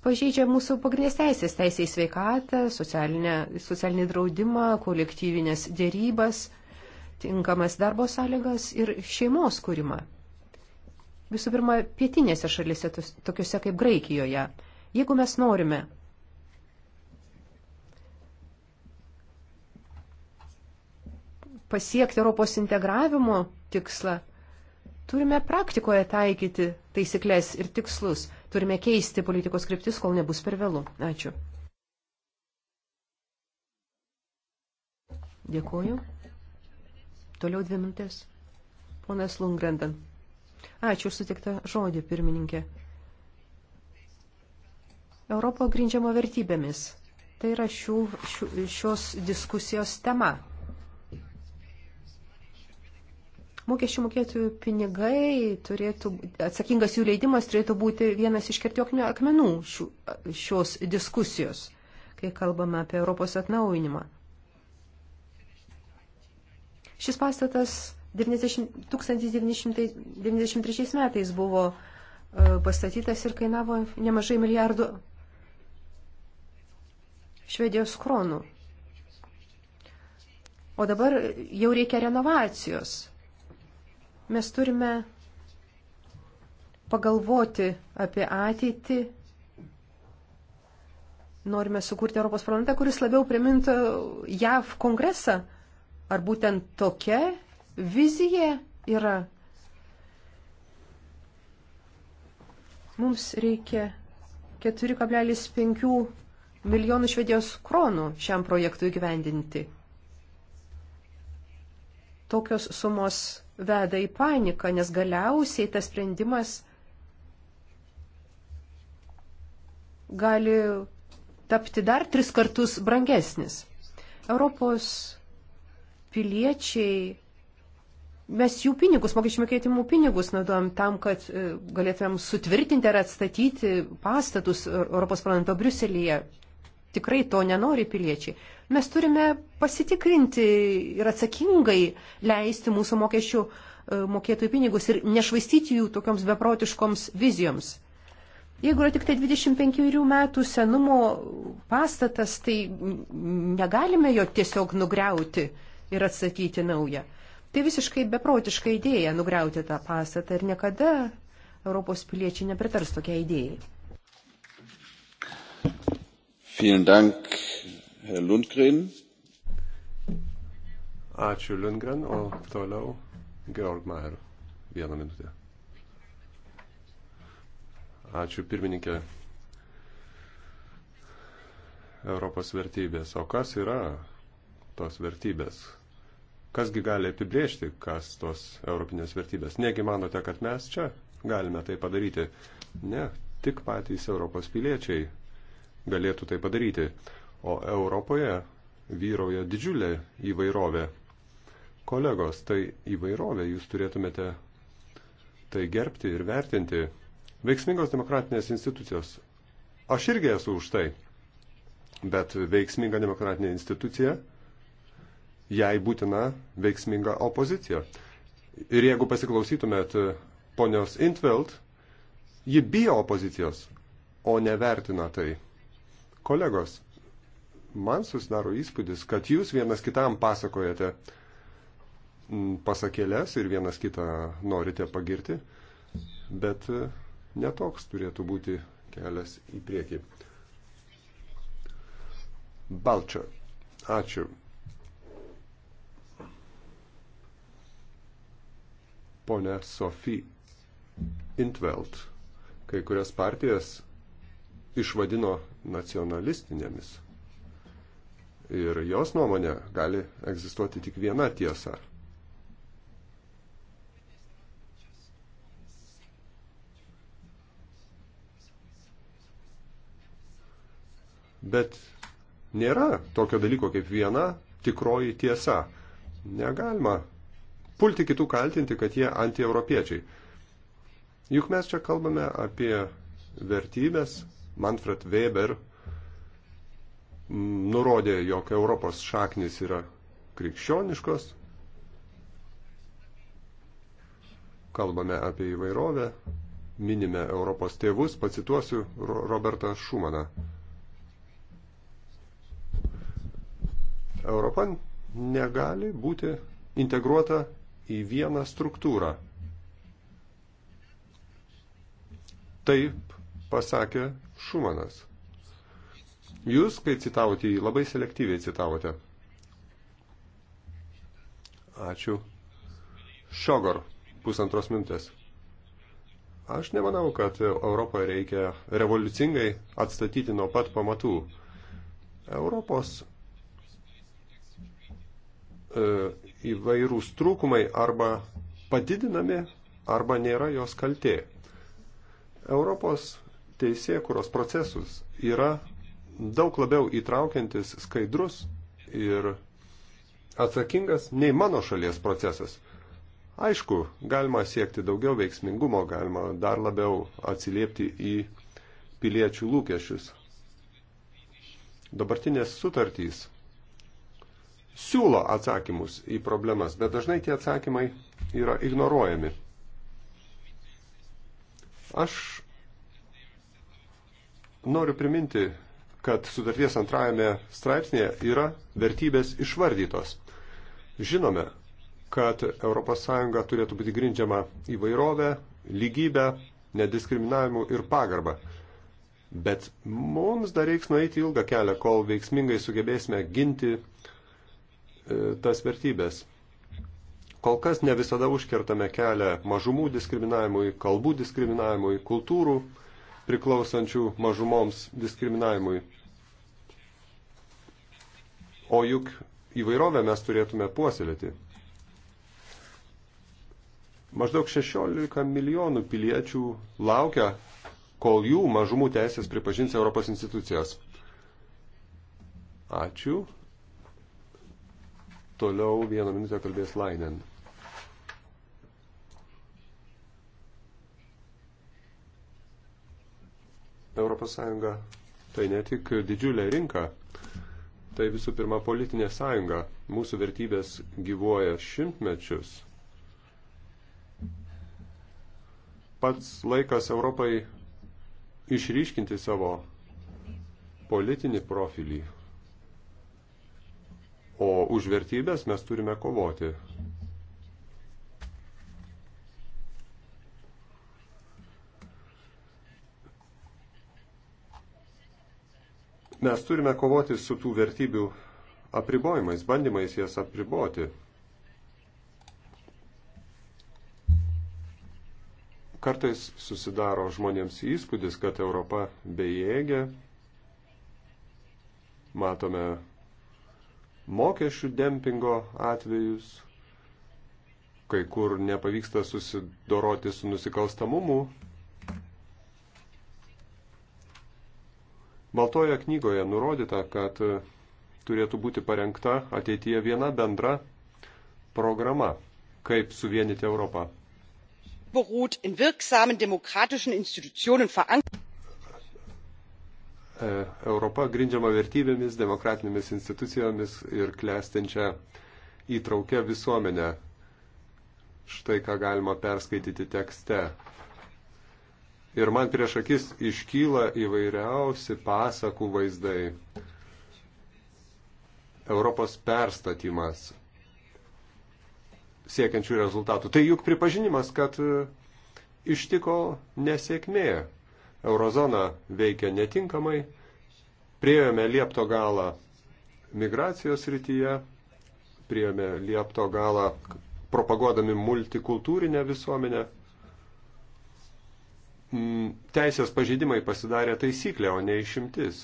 pažeidžia mūsų pagrindinės teisės - teisę į sveikatą, socialinį draudimą, kolektyvinės dėrybas, tinkamas darbo sąlygas ir šeimos kūrimą visų pirma, pietinėse šalise, tokiuose kaip Graikijoje. Jeigu mes norime, pasiekti Europos integravimo tikslą, turime praktikoje taikyti taisyklės ir tikslus, turime keisti politikos kryptis, kol nebus per vėlų. Ačiū. Dėkuoju. Toliau dvi minutės. Ponas Lungrenden. Ačiū už sutiktą žodį, pirmininkė. Europo grindžiamo vertybėmis. Tai yra šių, šių, šios diskusijos tema. Mokesčių mokėtojų pinigai turėtų, atsakingas jų leidimas turėtų būti vienas iš kertioknių akmenų šių, šios diskusijos, kai kalbame apie Europos atnaujinimą. Šis pastatas 90, 1993 metais buvo e, pastatytas ir kainavo nemažai milijardų švedijos kronų. O dabar jau reikia renovacijos. Mes turime pagalvoti apie ateitį. Norime sukurti Europos parlamentą, kuris labiau primintų e, JAV kongresą. Ar būtent tokia vizija yra. Mums reikia 4,5 milijonų švedijos kronų šiam projektui gyvendinti. Tokios sumos veda į paniką, nes galiausiai tas sprendimas gali tapti dar tris kartus brangesnis. Europos piliečiai mes jų pinigus, mokesčių mokėtimų pinigus naudojam tam, kad e, galėtumėm sutvirtinti ar atstatyti pastatus e, Europos parlamento Briuselyje. Tikrai to nenori piliečiai. Mes turime pasitikrinti ir atsakingai leisti mūsų mokesčių e, mokėtojų pinigus ir nešvaistyti jų tokioms beprotiškoms vizijoms. Jeigu yra tik tai 25 metų senumo pastatas, tai negalime jo tiesiog nugriauti ir atstatyti naują. Tai visiškai beprotiška idėja nugriauti tą pastatą ir niekada Europos piliečiai nepritars tokia idėjai. Dank, Lundgren. Ačiū Lundgren, o toliau Georg Mayer. Vieną minutę. Ačiū pirmininkė. Europos vertybės. O kas yra tos vertybės? kasgi gali apibrėžti, kas tos europinės vertybės. Negi manote, kad mes čia galime tai padaryti? Ne, tik patys Europos piliečiai galėtų tai padaryti. O Europoje vyrauja didžiulė įvairovė. Kolegos, tai įvairovė jūs turėtumėte tai gerbti ir vertinti. Veiksmingos demokratinės institucijos. Aš irgi esu už tai. Bet veiksminga demokratinė institucija jai būtina veiksminga opozicija. Ir jeigu pasiklausytumėt e, ponios Intveld, ji bijo opozicijos, o nevertina tai. Kolegos, man susidaro įspūdis, kad jūs vienas kitam pasakojate pasakėlės ir vienas kitą norite pagirti, bet e, netoks turėtų būti kelias į priekį. Balčio. Ačiū. ponę Sophie Intveld. Kai kurias partijas išvadino nacionalistinėmis. Ir jos nuomonė gali egzistuoti tik viena tiesa. Bet nėra tokio dalyko kaip viena tikroji tiesa. Negalima pulti kitų kaltinti, kad jie antieuropiečiai. Juk mes čia kalbame apie vertybės. Manfred Weber nurodė, jog Europos šaknis yra krikščioniškos. Kalbame apie įvairovę, minime Europos tėvus, pacituosiu Robertą Šumaną. Europa negali būti integruota į vieną struktūrą. Taip pasakė Šumanas. Jūs, kai citavote jį, labai selektyviai citavote. Ačiū. Šogor, pusantros mintės. Aš nemanau, kad Europoje reikia revoliucingai atstatyti nuo pat pamatų. Europos e, įvairūs trūkumai arba padidinami, arba nėra jos kaltė. Europos teisėkuros procesus yra daug labiau įtraukiantis skaidrus ir atsakingas nei mano šalies procesas. Aišku, galima siekti daugiau veiksmingumo, galima dar labiau atsiliepti į piliečių lūkesčius. Dabartinės sutartys siūlo atsakymus į problemas, bet dažnai tie atsakymai yra ignoruojami. Aš noriu priminti, kad sutarties antrajame straipsnėje yra vertybės išvardytos. Žinome, kad ES turėtų būti grindžiama įvairovę, lygybę, nediskriminavimu ir pagarbą. Bet mums dar reiks nueiti ilgą kelią, kol veiksmingai sugebėsime ginti uh, E, tas vertybės. Kol kas ne visada užkertame kelią mažumų diskriminavimui, kalbų diskriminavimui, kultūrų priklausančių mažumoms diskriminavimui. O juk įvairovę mes turėtume puoselėti. Maždaug 16 milijonų piliečių laukia, kol jų mažumų teisės pripažins Europos institucijos. Ačiū. Toliau vieną minutę kalbės Lainen. Europos Sąjunga tai ne tik didžiulė rinka, tai visų pirma politinė sąjunga. Mūsų vertybės gyvuoja šimtmečius. Pats laikas Europai išryškinti savo politinį profilį. O už vertybės mes turime kovoti. Mes turime kovoti su tų vertybių apribojimais, bandymais jas apriboti. Kartais susidaro žmonėms įspūdis, kad Europa bejėgė, matome mokesčių dempingo atvejus, kai kur nepavyksta susidoroti su nusikalstamumu. Baltoje knygoje nurodyta, kad turėtų būti parengta ateityje viena bendra programa, kaip suvienyti Europą. beruht in wirksamen demokratischen Institutionen verankert. E, Europa grindžiama vertybėmis, demokratinėmis institucijomis ir klestinčia įtraukia visuomenę. Štai ką galima perskaityti tekste. Ir man prieš akis iškyla įvairiausi pasakų vaizdai. Europos perstatymas siekiančių rezultatų. Tai juk pripažinimas, kad ištiko nesėkmė eurozona veikia netinkamai, priejome liepto galą migracijos rytyje, priejome liepto galą propaguodami multikultūrinę visuomenę. Mm, teisės pažeidimai pasidarė taisyklė, o ne išimtis.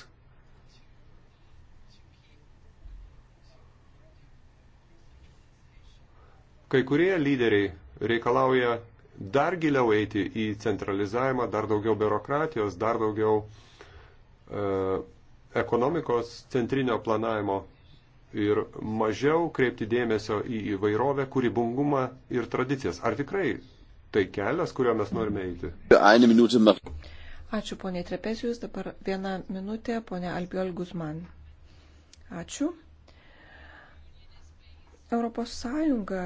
Kai kurie lyderiai reikalauja dar giliau eiti į centralizavimą, dar daugiau biurokratijos, dar daugiau e, ekonomikos centrinio planavimo ir mažiau kreipti dėmesio į įvairovę, kūrybingumą ir tradicijas. Ar tikrai tai kelias, kuriuo mes norime eiti? Ačiū, ponė Trepezijus. Dabar viena minutė, ponė Albiol Guzman. Ačiū. Europos Sąjunga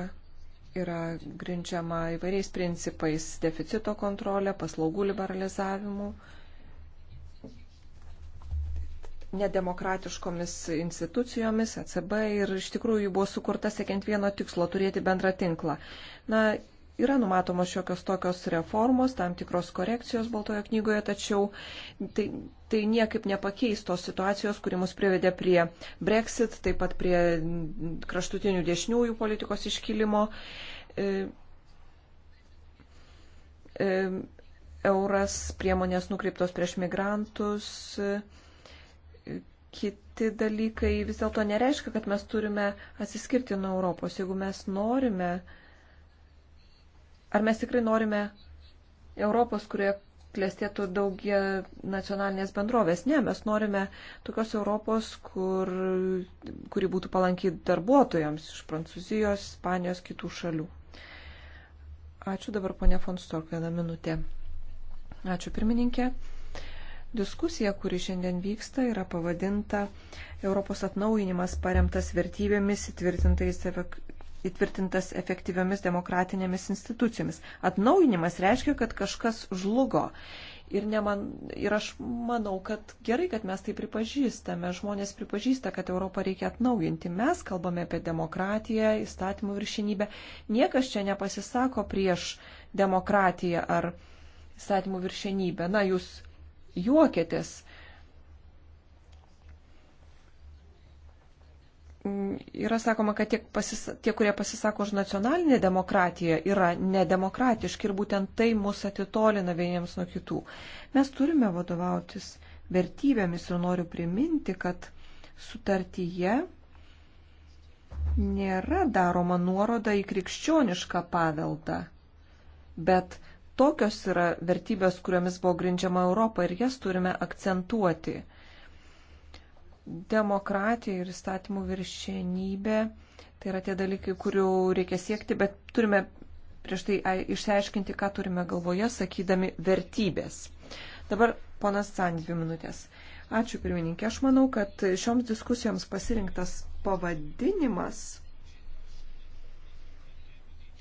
yra grindžiama įvairiais principais - deficito kontrolė, paslaugų liberalizavimu, nedemokratiškomis institucijomis, ECB ir iš tikrųjų buvo sukurta siekiant vieno tikslo - turėti bendrą tinklą. Na, yra numatomos šiokios tokios reformos, tam tikros korekcijos Baltojo knygoje, tačiau tai, tai niekaip nepakeis tos situacijos, kuri mus privedė prie Brexit, taip pat prie kraštutinių dešiniųjų politikos iškilimo. E, e, euras priemonės nukreiptos prieš migrantus. Kit, e, kiti dalykai vis dėlto nereiškia, kad mes turime atsiskirti nuo Europos. Jeigu mes norime Ar mes tikrai norime Europos, kurioje klestėtų daugie nacionalinės bendrovės? Ne, mes norime tokios Europos, kur, kuri būtų palankiai darbuotojams iš Prancūzijos, Ispanijos, kitų šalių. Ačiū dabar ponia Fonstork, vieną minutę. Ačiū pirmininkė. Diskusija, kuri šiandien vyksta, yra pavadinta Europos atnaujinimas paremtas vertybėmis įtvirtintais įtvirtintas efektyviomis demokratinėmis institucijomis. Atnaujinimas reiškia, kad kažkas žlugo. Ir, man, ir aš manau, kad gerai, kad mes tai pripažįstame. Žmonės pripažįsta, kad Europą reikia atnaujinti. Mes kalbame apie demokratiją, įstatymų viršinybę. Niekas čia nepasisako prieš demokratiją ar įstatymų viršinybę. Na, jūs juokėtės, Mm, yra sakoma, kad tiek pasis, tie, kurie pasisako už nacionalinę demokratiją, yra nedemokratiški ir būtent tai mus atitolina vieniems nuo kitų. Mes turime vadovautis vertybėmis ir noriu priminti, kad sutartyje nėra daroma nuoroda į krikščionišką paveldą, bet tokios yra vertybės, kuriomis buvo grindžiama Europa ir jas turime akcentuoti demokratija ir įstatymų viršienybė. Tai yra tie dalykai, kurių reikia siekti, bet turime prieš tai išsiaiškinti, ką turime galvoje, sakydami vertybės. Dabar ponas San, dvi minutės. Ačiū pirmininkė. Aš manau, kad šioms diskusijoms pasirinktas pavadinimas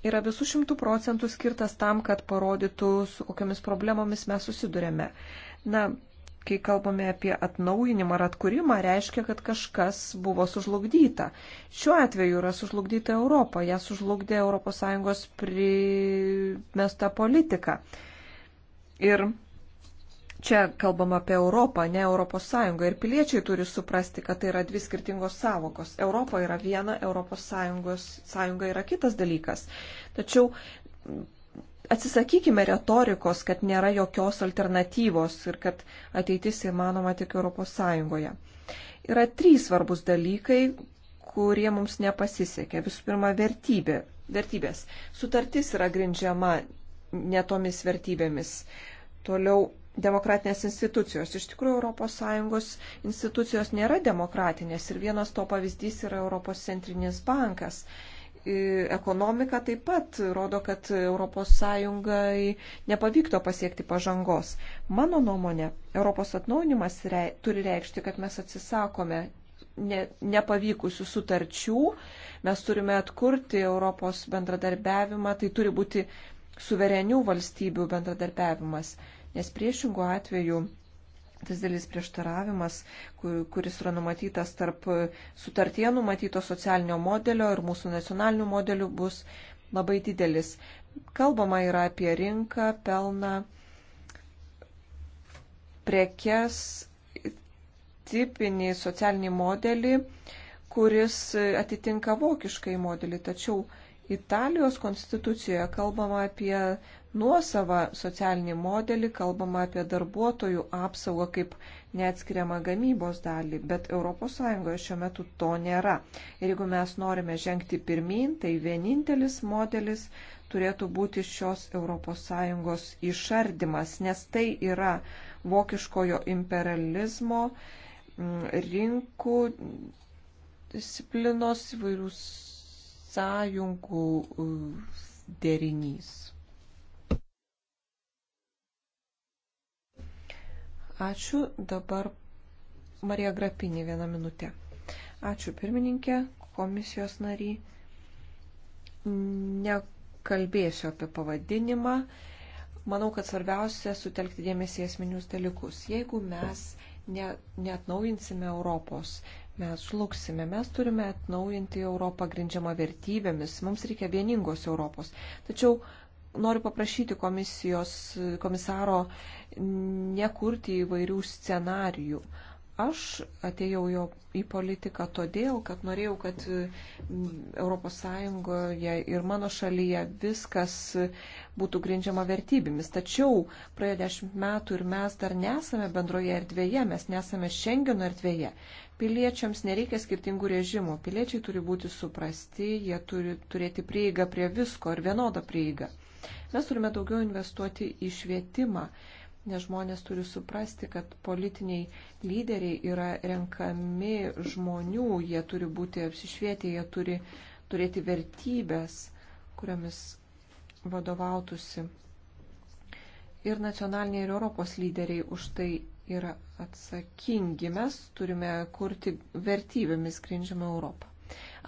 yra visų šimtų procentų skirtas tam, kad parodytų, su kokiamis problemomis mes susidurėme. Na, kai kalbame apie atnaujinimą ar atkūrimą, reiškia, kad kažkas buvo sužlugdyta. Šiuo atveju yra sužlugdyta Europa, ją sužlugdė ES primesta politika. Ir čia kalbam apie Europą, ne ES. Ir piliečiai turi suprasti, kad tai yra dvi skirtingos savokos. Europa yra viena, ES yra kitas dalykas. Tačiau atsisakykime retorikos, kad nėra jokios alternatyvos ir kad ateitis įmanoma tik ES. Yra trys svarbus dalykai, kurie mums nepasisekė. Visų pirma, vertybė. vertybės. Sutartis yra grindžiama netomis vertybėmis. Toliau demokratinės institucijos. Iš tikrųjų, ES institucijos nėra demokratinės ir vienas to pavyzdys yra Europos centrinis bankas. E, ekonomika taip pat rodo, kad ES nepavykto pasiekti pažangos. Mano nuomonė, Europos atnaunimas rei, turi reikšti, kad mes atsisakome ne, nepavykusių sutarčių, mes turime atkurti Europos bendradarbiavimą, tai turi būti suverenių valstybių bendradarbiavimas, nes priešingų atveju tas dėlis prieštaravimas, kuris yra numatytas tarp sutartie numatyto socialinio modelio ir mūsų nacionalinių modelių, bus labai didelis. Kalbama yra apie rinką, pelną, prekes, tipinį socialinį modelį, kuris atitinka vokiškai modelį. Tačiau Italijos konstitucijoje kalbama apie nuosavą socialinį modelį, kalbama apie darbuotojų apsaugą kaip neatskiriamą gamybos dalį, bet ES šiuo metu to nėra. Ir jeigu mes norime žengti pirmin, tai vienintelis modelis turėtų būti šios ES išardimas, nes tai yra vokiškojo imperializmo mm, rinkų disciplinos įvairių sąjungų mm, derinys. Ačiū. Dabar Marija Grapinė vieną minutę. Ačiū pirmininkė, komisijos nary. Nekalbėsiu apie pavadinimą. Manau, kad svarbiausia sutelkti dėmesį esminius dalykus. Jeigu mes ne, neatnaujinsime Europos, mes žlugsime, mes turime atnaujinti Europą grindžiamą vertybėmis, mums reikia vieningos Europos. Tačiau noriu paprašyti komisijos, komisaro nekurti įvairių scenarijų. Aš atėjau jo į politiką todėl, kad norėjau, kad ES ir mano šalyje viskas būtų grindžiama vertybėmis. Tačiau praėjo dešimt metų ir mes dar nesame bendroje erdvėje, mes nesame Schengeno erdvėje. Piliečiams nereikia skirtingų režimų. Piliečiai turi būti suprasti, jie turi turėti prieigą prie visko ir vienodą prieigą. Mes turime daugiau investuoti į švietimą, nes žmonės turi suprasti, kad politiniai lyderiai yra renkami žmonių, jie turi būti apsišvietę, jie turi turėti vertybės, kuriamis vadovautusi. Ir nacionaliniai ir Europos lyderiai už tai yra atsakingi. Mes turime kurti vertybėmis grindžiamą Europą.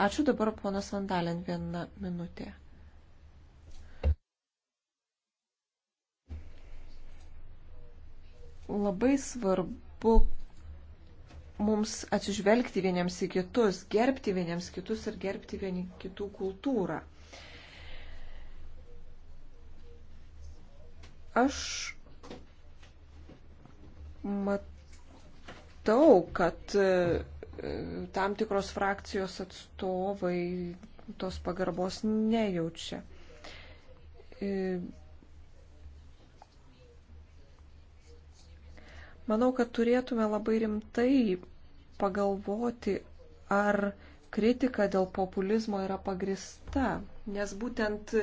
Ačiū dabar ponas Vandalin vieną minutę. Labai svarbu mums atsižvelgti vieniems į kitus, gerbti vieniems kitus ir gerbti vieni kitų kultūrą. Aš matau, kad e, tam tikros frakcijos atstovai tos pagarbos nejaučia e, Manau, kad turėtume labai rimtai pagalvoti, ar kritika dėl populizmo yra pagrista, nes būtent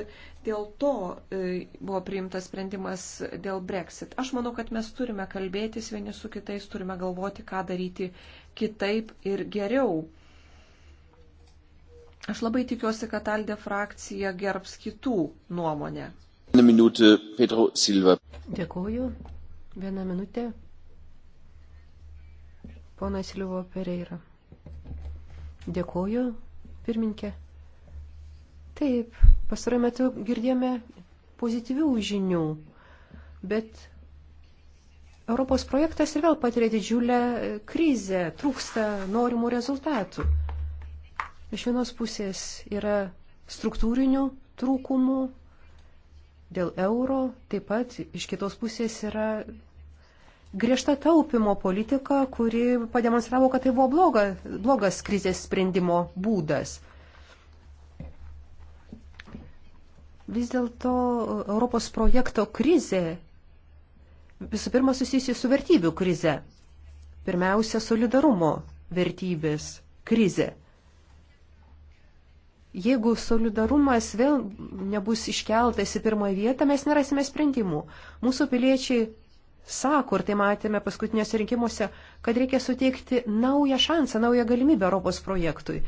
dėl to e, buvo priimtas sprendimas dėl Brexit. Aš manau, kad mes turime kalbėtis vieni su kitais, turime galvoti, ką daryti kitaip ir geriau. Aš labai tikiuosi, kad Aldė frakcija gerbs kitų nuomonę. Vieną minutę, Pedro Silva. Dėkuoju. Vieną minutę, Ponas Liuvo Pereira. Dėkuoju, pirminkė. Taip, pastaruoju metu girdėjome pozityvių žinių, bet Europos projektas ir vėl patiria didžiulę krizę, trūksta norimų rezultatų. Iš vienos pusės yra struktūrinių trūkumų dėl euro, taip pat iš kitos pusės yra griežta taupimo politika, kuri pademonstravo, kad tai buvo bloga, blogas krizės sprendimo būdas. Vis dėlto e, Europos projekto krizė visų pirma susijusi su vertybių krize. Pirmiausia, solidarumo vertybės krize. Jeigu solidarumas vėl nebus iškeltas į pirmą vietą, mes nerasime sprendimų. Mūsų piliečiai sako, ir tai matėme paskutiniuose rinkimuose, kad reikia suteikti naują šansą, naują galimybę Europos projektui.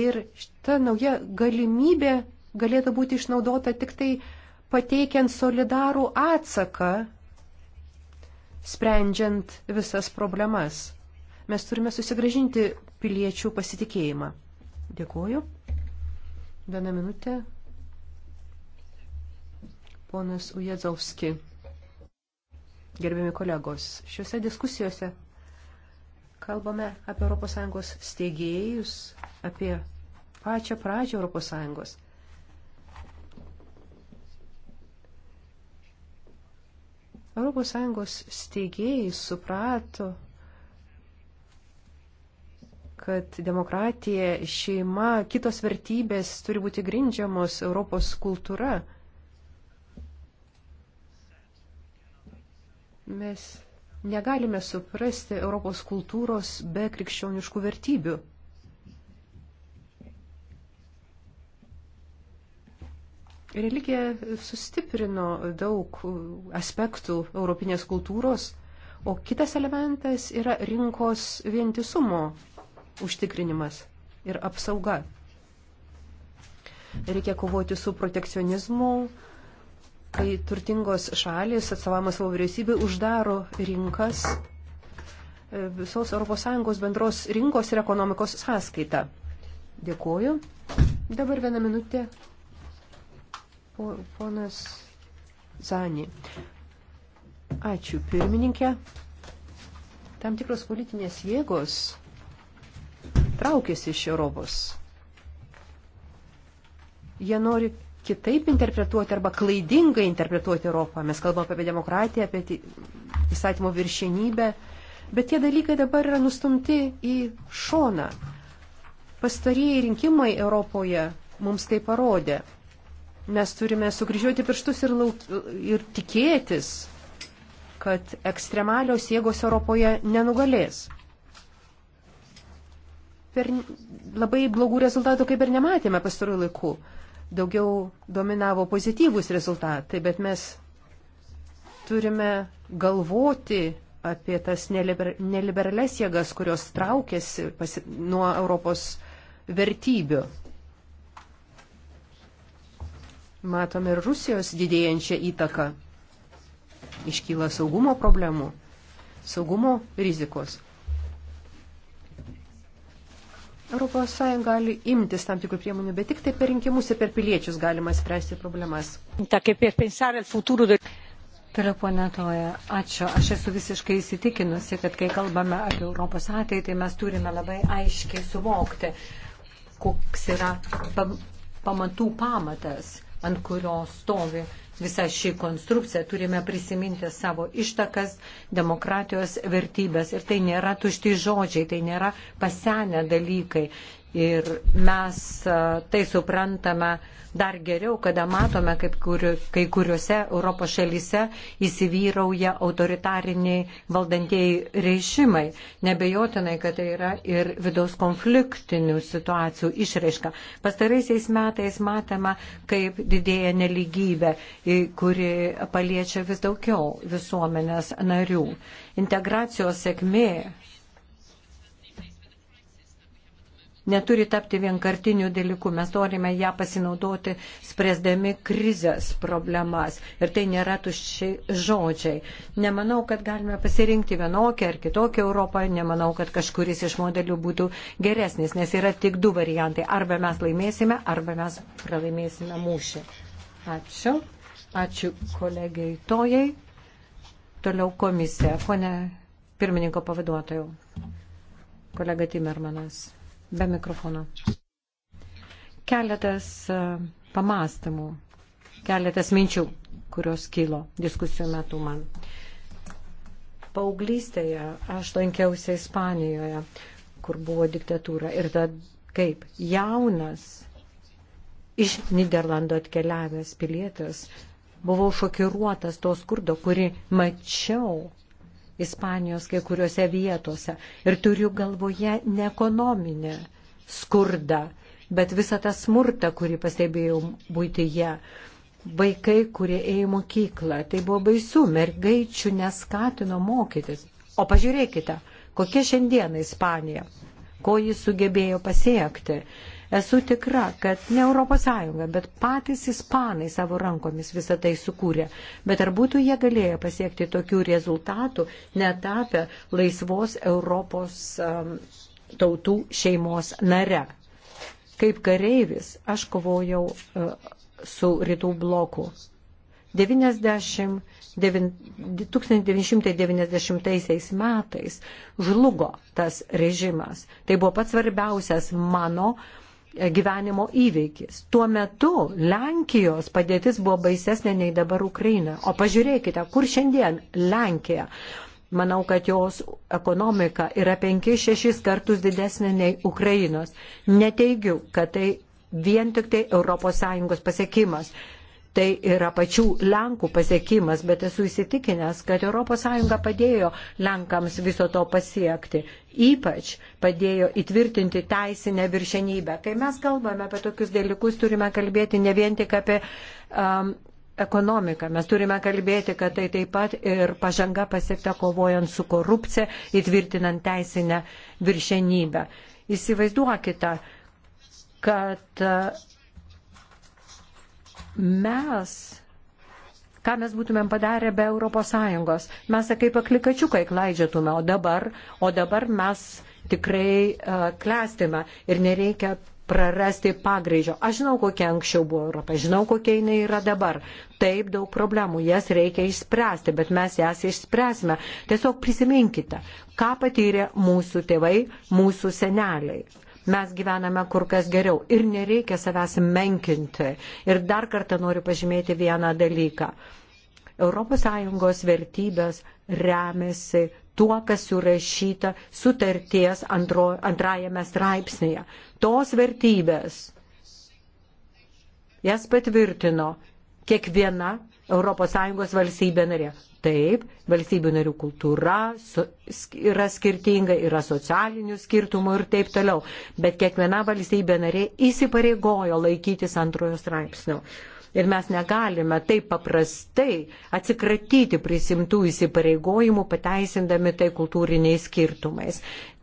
Ir ta nauja galimybė galėtų būti išnaudota tik tai pateikiant solidarų atsaką, sprendžiant visas problemas. Mes turime susigražinti piliečių pasitikėjimą. Dėkuoju. Vieną minutę. Ponas Ujedzovski. Gerbiami kolegos, šiuose diskusijose kalbame apie ES steigėjus, apie pačią pradžią ES. ES steigėjai suprato, kad demokratija, šeima, kitos vertybės turi būti grindžiamos Europos kultūra. Mes negalime suprasti Europos kultūros be krikščioniškų vertybių. Religija sustiprino daug aspektų europinės kultūros, o kitas elementas yra rinkos vientisumo užtikrinimas ir apsauga. Reikia kovoti su protekcionizmu, kai turtingos šalis, atsavama savo vyriausybė, uždaro rinkas e, visos ES bendros rinkos ir ekonomikos sąskaita. Dėkuoju. Dabar vieną minutę. Po, ponas Zani. Ačiū, pirmininkė. Tam tikros politinės jėgos traukėsi iš Europos. Jie nori kitaip interpretuoti arba klaidingai interpretuoti Europą. Mes kalbame apie demokratiją, apie įstatymo viršenybę, bet tie dalykai dabar yra nustumti į šoną. Pastarieji rinkimai Europoje mums tai parodė. Mes turime sukryžiuoti pirštus ir, lauk, ir tikėtis, kad ekstremalios jėgos Europoje nenugalės. Per labai blogų rezultatų kaip ir nematėme pastarųjų laikų daugiau dominavo pozityvūs rezultatai, bet mes turime galvoti apie tas neliber, neliberales jėgas, kurios traukėsi pasi, nuo Europos vertybių. Matome ir Rusijos didėjančią įtaką. Iškyla saugumo problemų, saugumo rizikos. ES gali imtis tam tikrų priemonių, bet tik tai per rinkimus ir per piliečius galima spręsti problemas. Toliau, ponia Toja, ačiū. Aš esu visiškai įsitikinusi, kad kai kalbame apie Europos ateitį, mes turime labai aiškiai suvokti, koks yra pamatų pamatas, ant kurio stovi visą šį konstrukciją, turime prisiminti savo ištakas, demokratijos vertybės. Ir tai nėra tušti žodžiai, tai nėra pasenę dalykai. Ir mes tai suprantame dar geriau, kada matome, kaip kur, kai kuriuose Europos šalyse įsivyrauja autoritariniai valdantieji režimai. Nebejotinai, kad tai yra ir vidaus konfliktinių situacijų išraiška. Pastaraisiais metais matome, kaip didėja neligybė, kuri paliečia vis daugiau visuomenės narių. Integracijos sėkmė neturi tapti vienkartiniu dalyku. Mes norime ją pasinaudoti, spręsdami krizės problemas. Ir tai nėra tuščiai žodžiai. Nemanau, kad galime pasirinkti vienokią ar kitokią Europą. Nemanau, kad kažkuris iš modelių būtų geresnis, nes yra tik du variantai. Arba mes laimėsime, arba mes pralaimėsime mūšį. Ačiū. Ačiū kolegiai Tojai. Toliau komisija. Pone pirmininko pavaduotojau. Kolega Timermanas be mikrofono. Keletas e, pamastymų, keletas minčių, kurios kilo diskusijų metu man. Paauglystėje aš lankiausi Ispanijoje, kur buvo diktatūra. Ir tad kaip jaunas iš Niderlandų atkeliavęs pilietis buvau šokiruotas to skurdo, kurį mačiau Ispanijos kai kuriuose vietose. Ir turiu galvoje ne ekonominę skurdą, bet visą tą smurtą, kurį pastebėjau būtyje. Vaikai, kurie ėjo į mokyklą, tai buvo baisu, mergaičių neskatino mokytis. O pažiūrėkite, kokia šiandien Ispanija, ko jis sugebėjo pasiekti. Esu tikra, kad ne ES, bet patys ispanai savo rankomis visą tai sukūrė. Bet ar būtų jie galėję pasiekti tokių rezultatų, netapę laisvos Europos um, tautų šeimos nare? Kaip kareivis aš kovojau uh, su rytų bloku. 90, 1990 metais žlugo tas režimas. Tai buvo pats svarbiausias mano gyvenimo įveikis. Tuo metu Lenkijos padėtis buvo baisesnė nei dabar Ukraina. O pažiūrėkite, kur šiandien Lenkija. Manau, kad jos ekonomika yra 5-6 kartus didesnė nei Ukrainos. Neteigiu, kad tai vien tik tai ES pasiekimas tai yra pačių Lenkų pasiekimas, bet esu įsitikinęs, kad ES padėjo Lenkams viso to pasiekti. Ypač padėjo įtvirtinti teisinę viršenybę. Kai mes kalbame apie tokius dalykus, turime kalbėti ne vien tik apie um, ekonomiką. Mes turime kalbėti, kad tai taip pat ir pažanga pasiekta kovojant su korupcija, įtvirtinant teisinę viršenybę. Įsivaizduokite, kad mes, ką mes būtumėm padarę be ES, mes tai kaip aklikačiukai klaidžiotume, o dabar, o dabar mes tikrai uh, klestime ir nereikia prarasti pagreižio. Aš žinau, kokia anksčiau buvo Europa, žinau, kokia jinai yra dabar. Taip daug problemų, jas reikia išspręsti, bet mes jas išspręsime. Tiesiog prisiminkite, ką patyrė mūsų tėvai, mūsų seneliai mes gyvename kur kas geriau ir nereikia savęs menkinti. Ir dar kartą noriu pažymėti vieną dalyką. ES vertybės remiasi tuo, kas surašyta sutarties antro, antrajame straipsnėje. Tos vertybės jas patvirtino kiekviena ES valstybė narė. Taip, valstybių narių kultūra su, yra skirtinga, yra socialinių skirtumų ir taip toliau. Bet kiekviena valstybė narė įsipareigojo laikytis antrojo straipsnio. Ir mes negalime taip paprastai atsikratyti prisimtų įsipareigojimų, pateisindami tai kultūriniais skirtumais.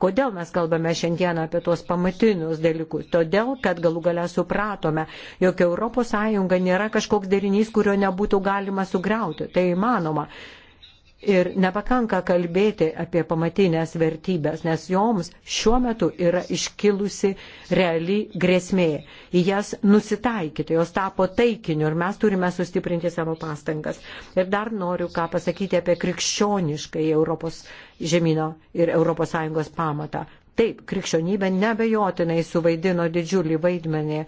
Kodėl mes kalbame šiandieną apie tuos pamatinius dalykus? Todėl, kad galų gale supratome, jog ES nėra kažkoks darinys, kurio nebūtų galima sugriauti. Tai įmanoma. Ir nepakanka kalbėti apie pamatinės vertybės, nes joms šiuo metu yra iškilusi reali grėsmė. Į jas nusitaikyti, jos tapo taikiniu ir mes turime sustiprinti savo pastangas. Ir dar noriu ką pasakyti apie krikščioniškai Europos žemino ir ES pamatą. Taip, krikščionybė nebejotinai suvaidino didžiulį vaidmenį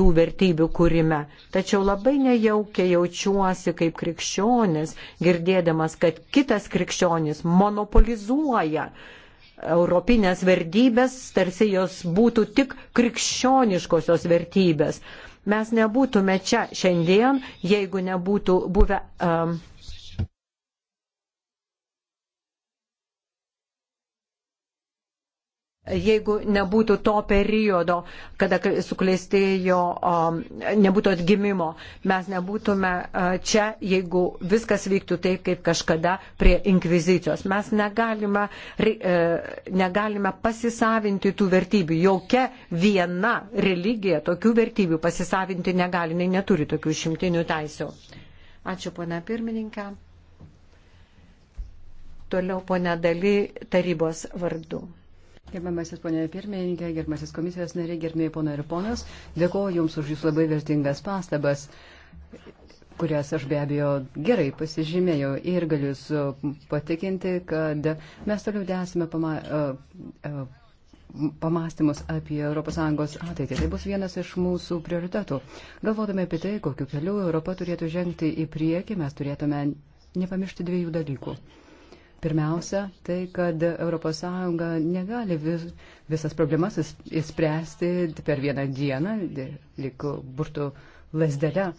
tų vertybių kūrime. Tačiau labai nejaukiai jaučiuosi kaip krikščionis, girdėdamas, kad kitas krikščionis monopolizuoja europinės vertybės, tarsi jos būtų tik krikščioniškosios vertybės. Mes nebūtume čia šiandien, jeigu nebūtų buvę. Um, jeigu nebūtų to periodo, kada suklėstėjo, um, nebūtų atgimimo. Mes nebūtume uh, čia, jeigu viskas vyktų taip, kaip kažkada prie inkvizicijos. Mes negalime, uh, negalime pasisavinti tų vertybių. Jokia viena religija tokių vertybių pasisavinti negali, jinai neturi tokių šimtinių teisių. Ačiū, pana pirmininkė. Toliau, pana Dali, tarybos vardu. Gerbiamasis ponė pirmininkė, gerbiamasis komisijos nariai, gerbėjai ponai ir ponas, dėkoju Jums už Jūsų labai vertingas pastabas, kurias aš be abejo gerai pasižymėjau ir galiu patikinti, kad mes toliau dėsime pama, pamastymus apie ES ateitį. Tai bus vienas iš mūsų prioritetų. Galvodami apie tai, kokiu keliu Europa turėtų žengti į priekį, mes turėtume nepamiršti dviejų dalykų. Pirmiausia, tai, kad ES negali vis, visas problemas įspręsti per vieną dieną, lik burtų lasdelę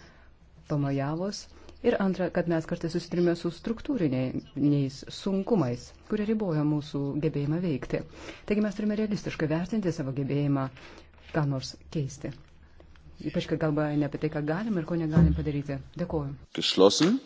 pamojavus. Ir antra, kad mes kartais susitrime su struktūriniais sunkumais, kurie riboja mūsų gebėjimą veikti. Taigi mes turime realistiškai vertinti savo gebėjimą ką nors keisti. Ypač, kad kalba ne apie tai, ką galim ir ko negalim padaryti. Dėkuoju. Geschlossen.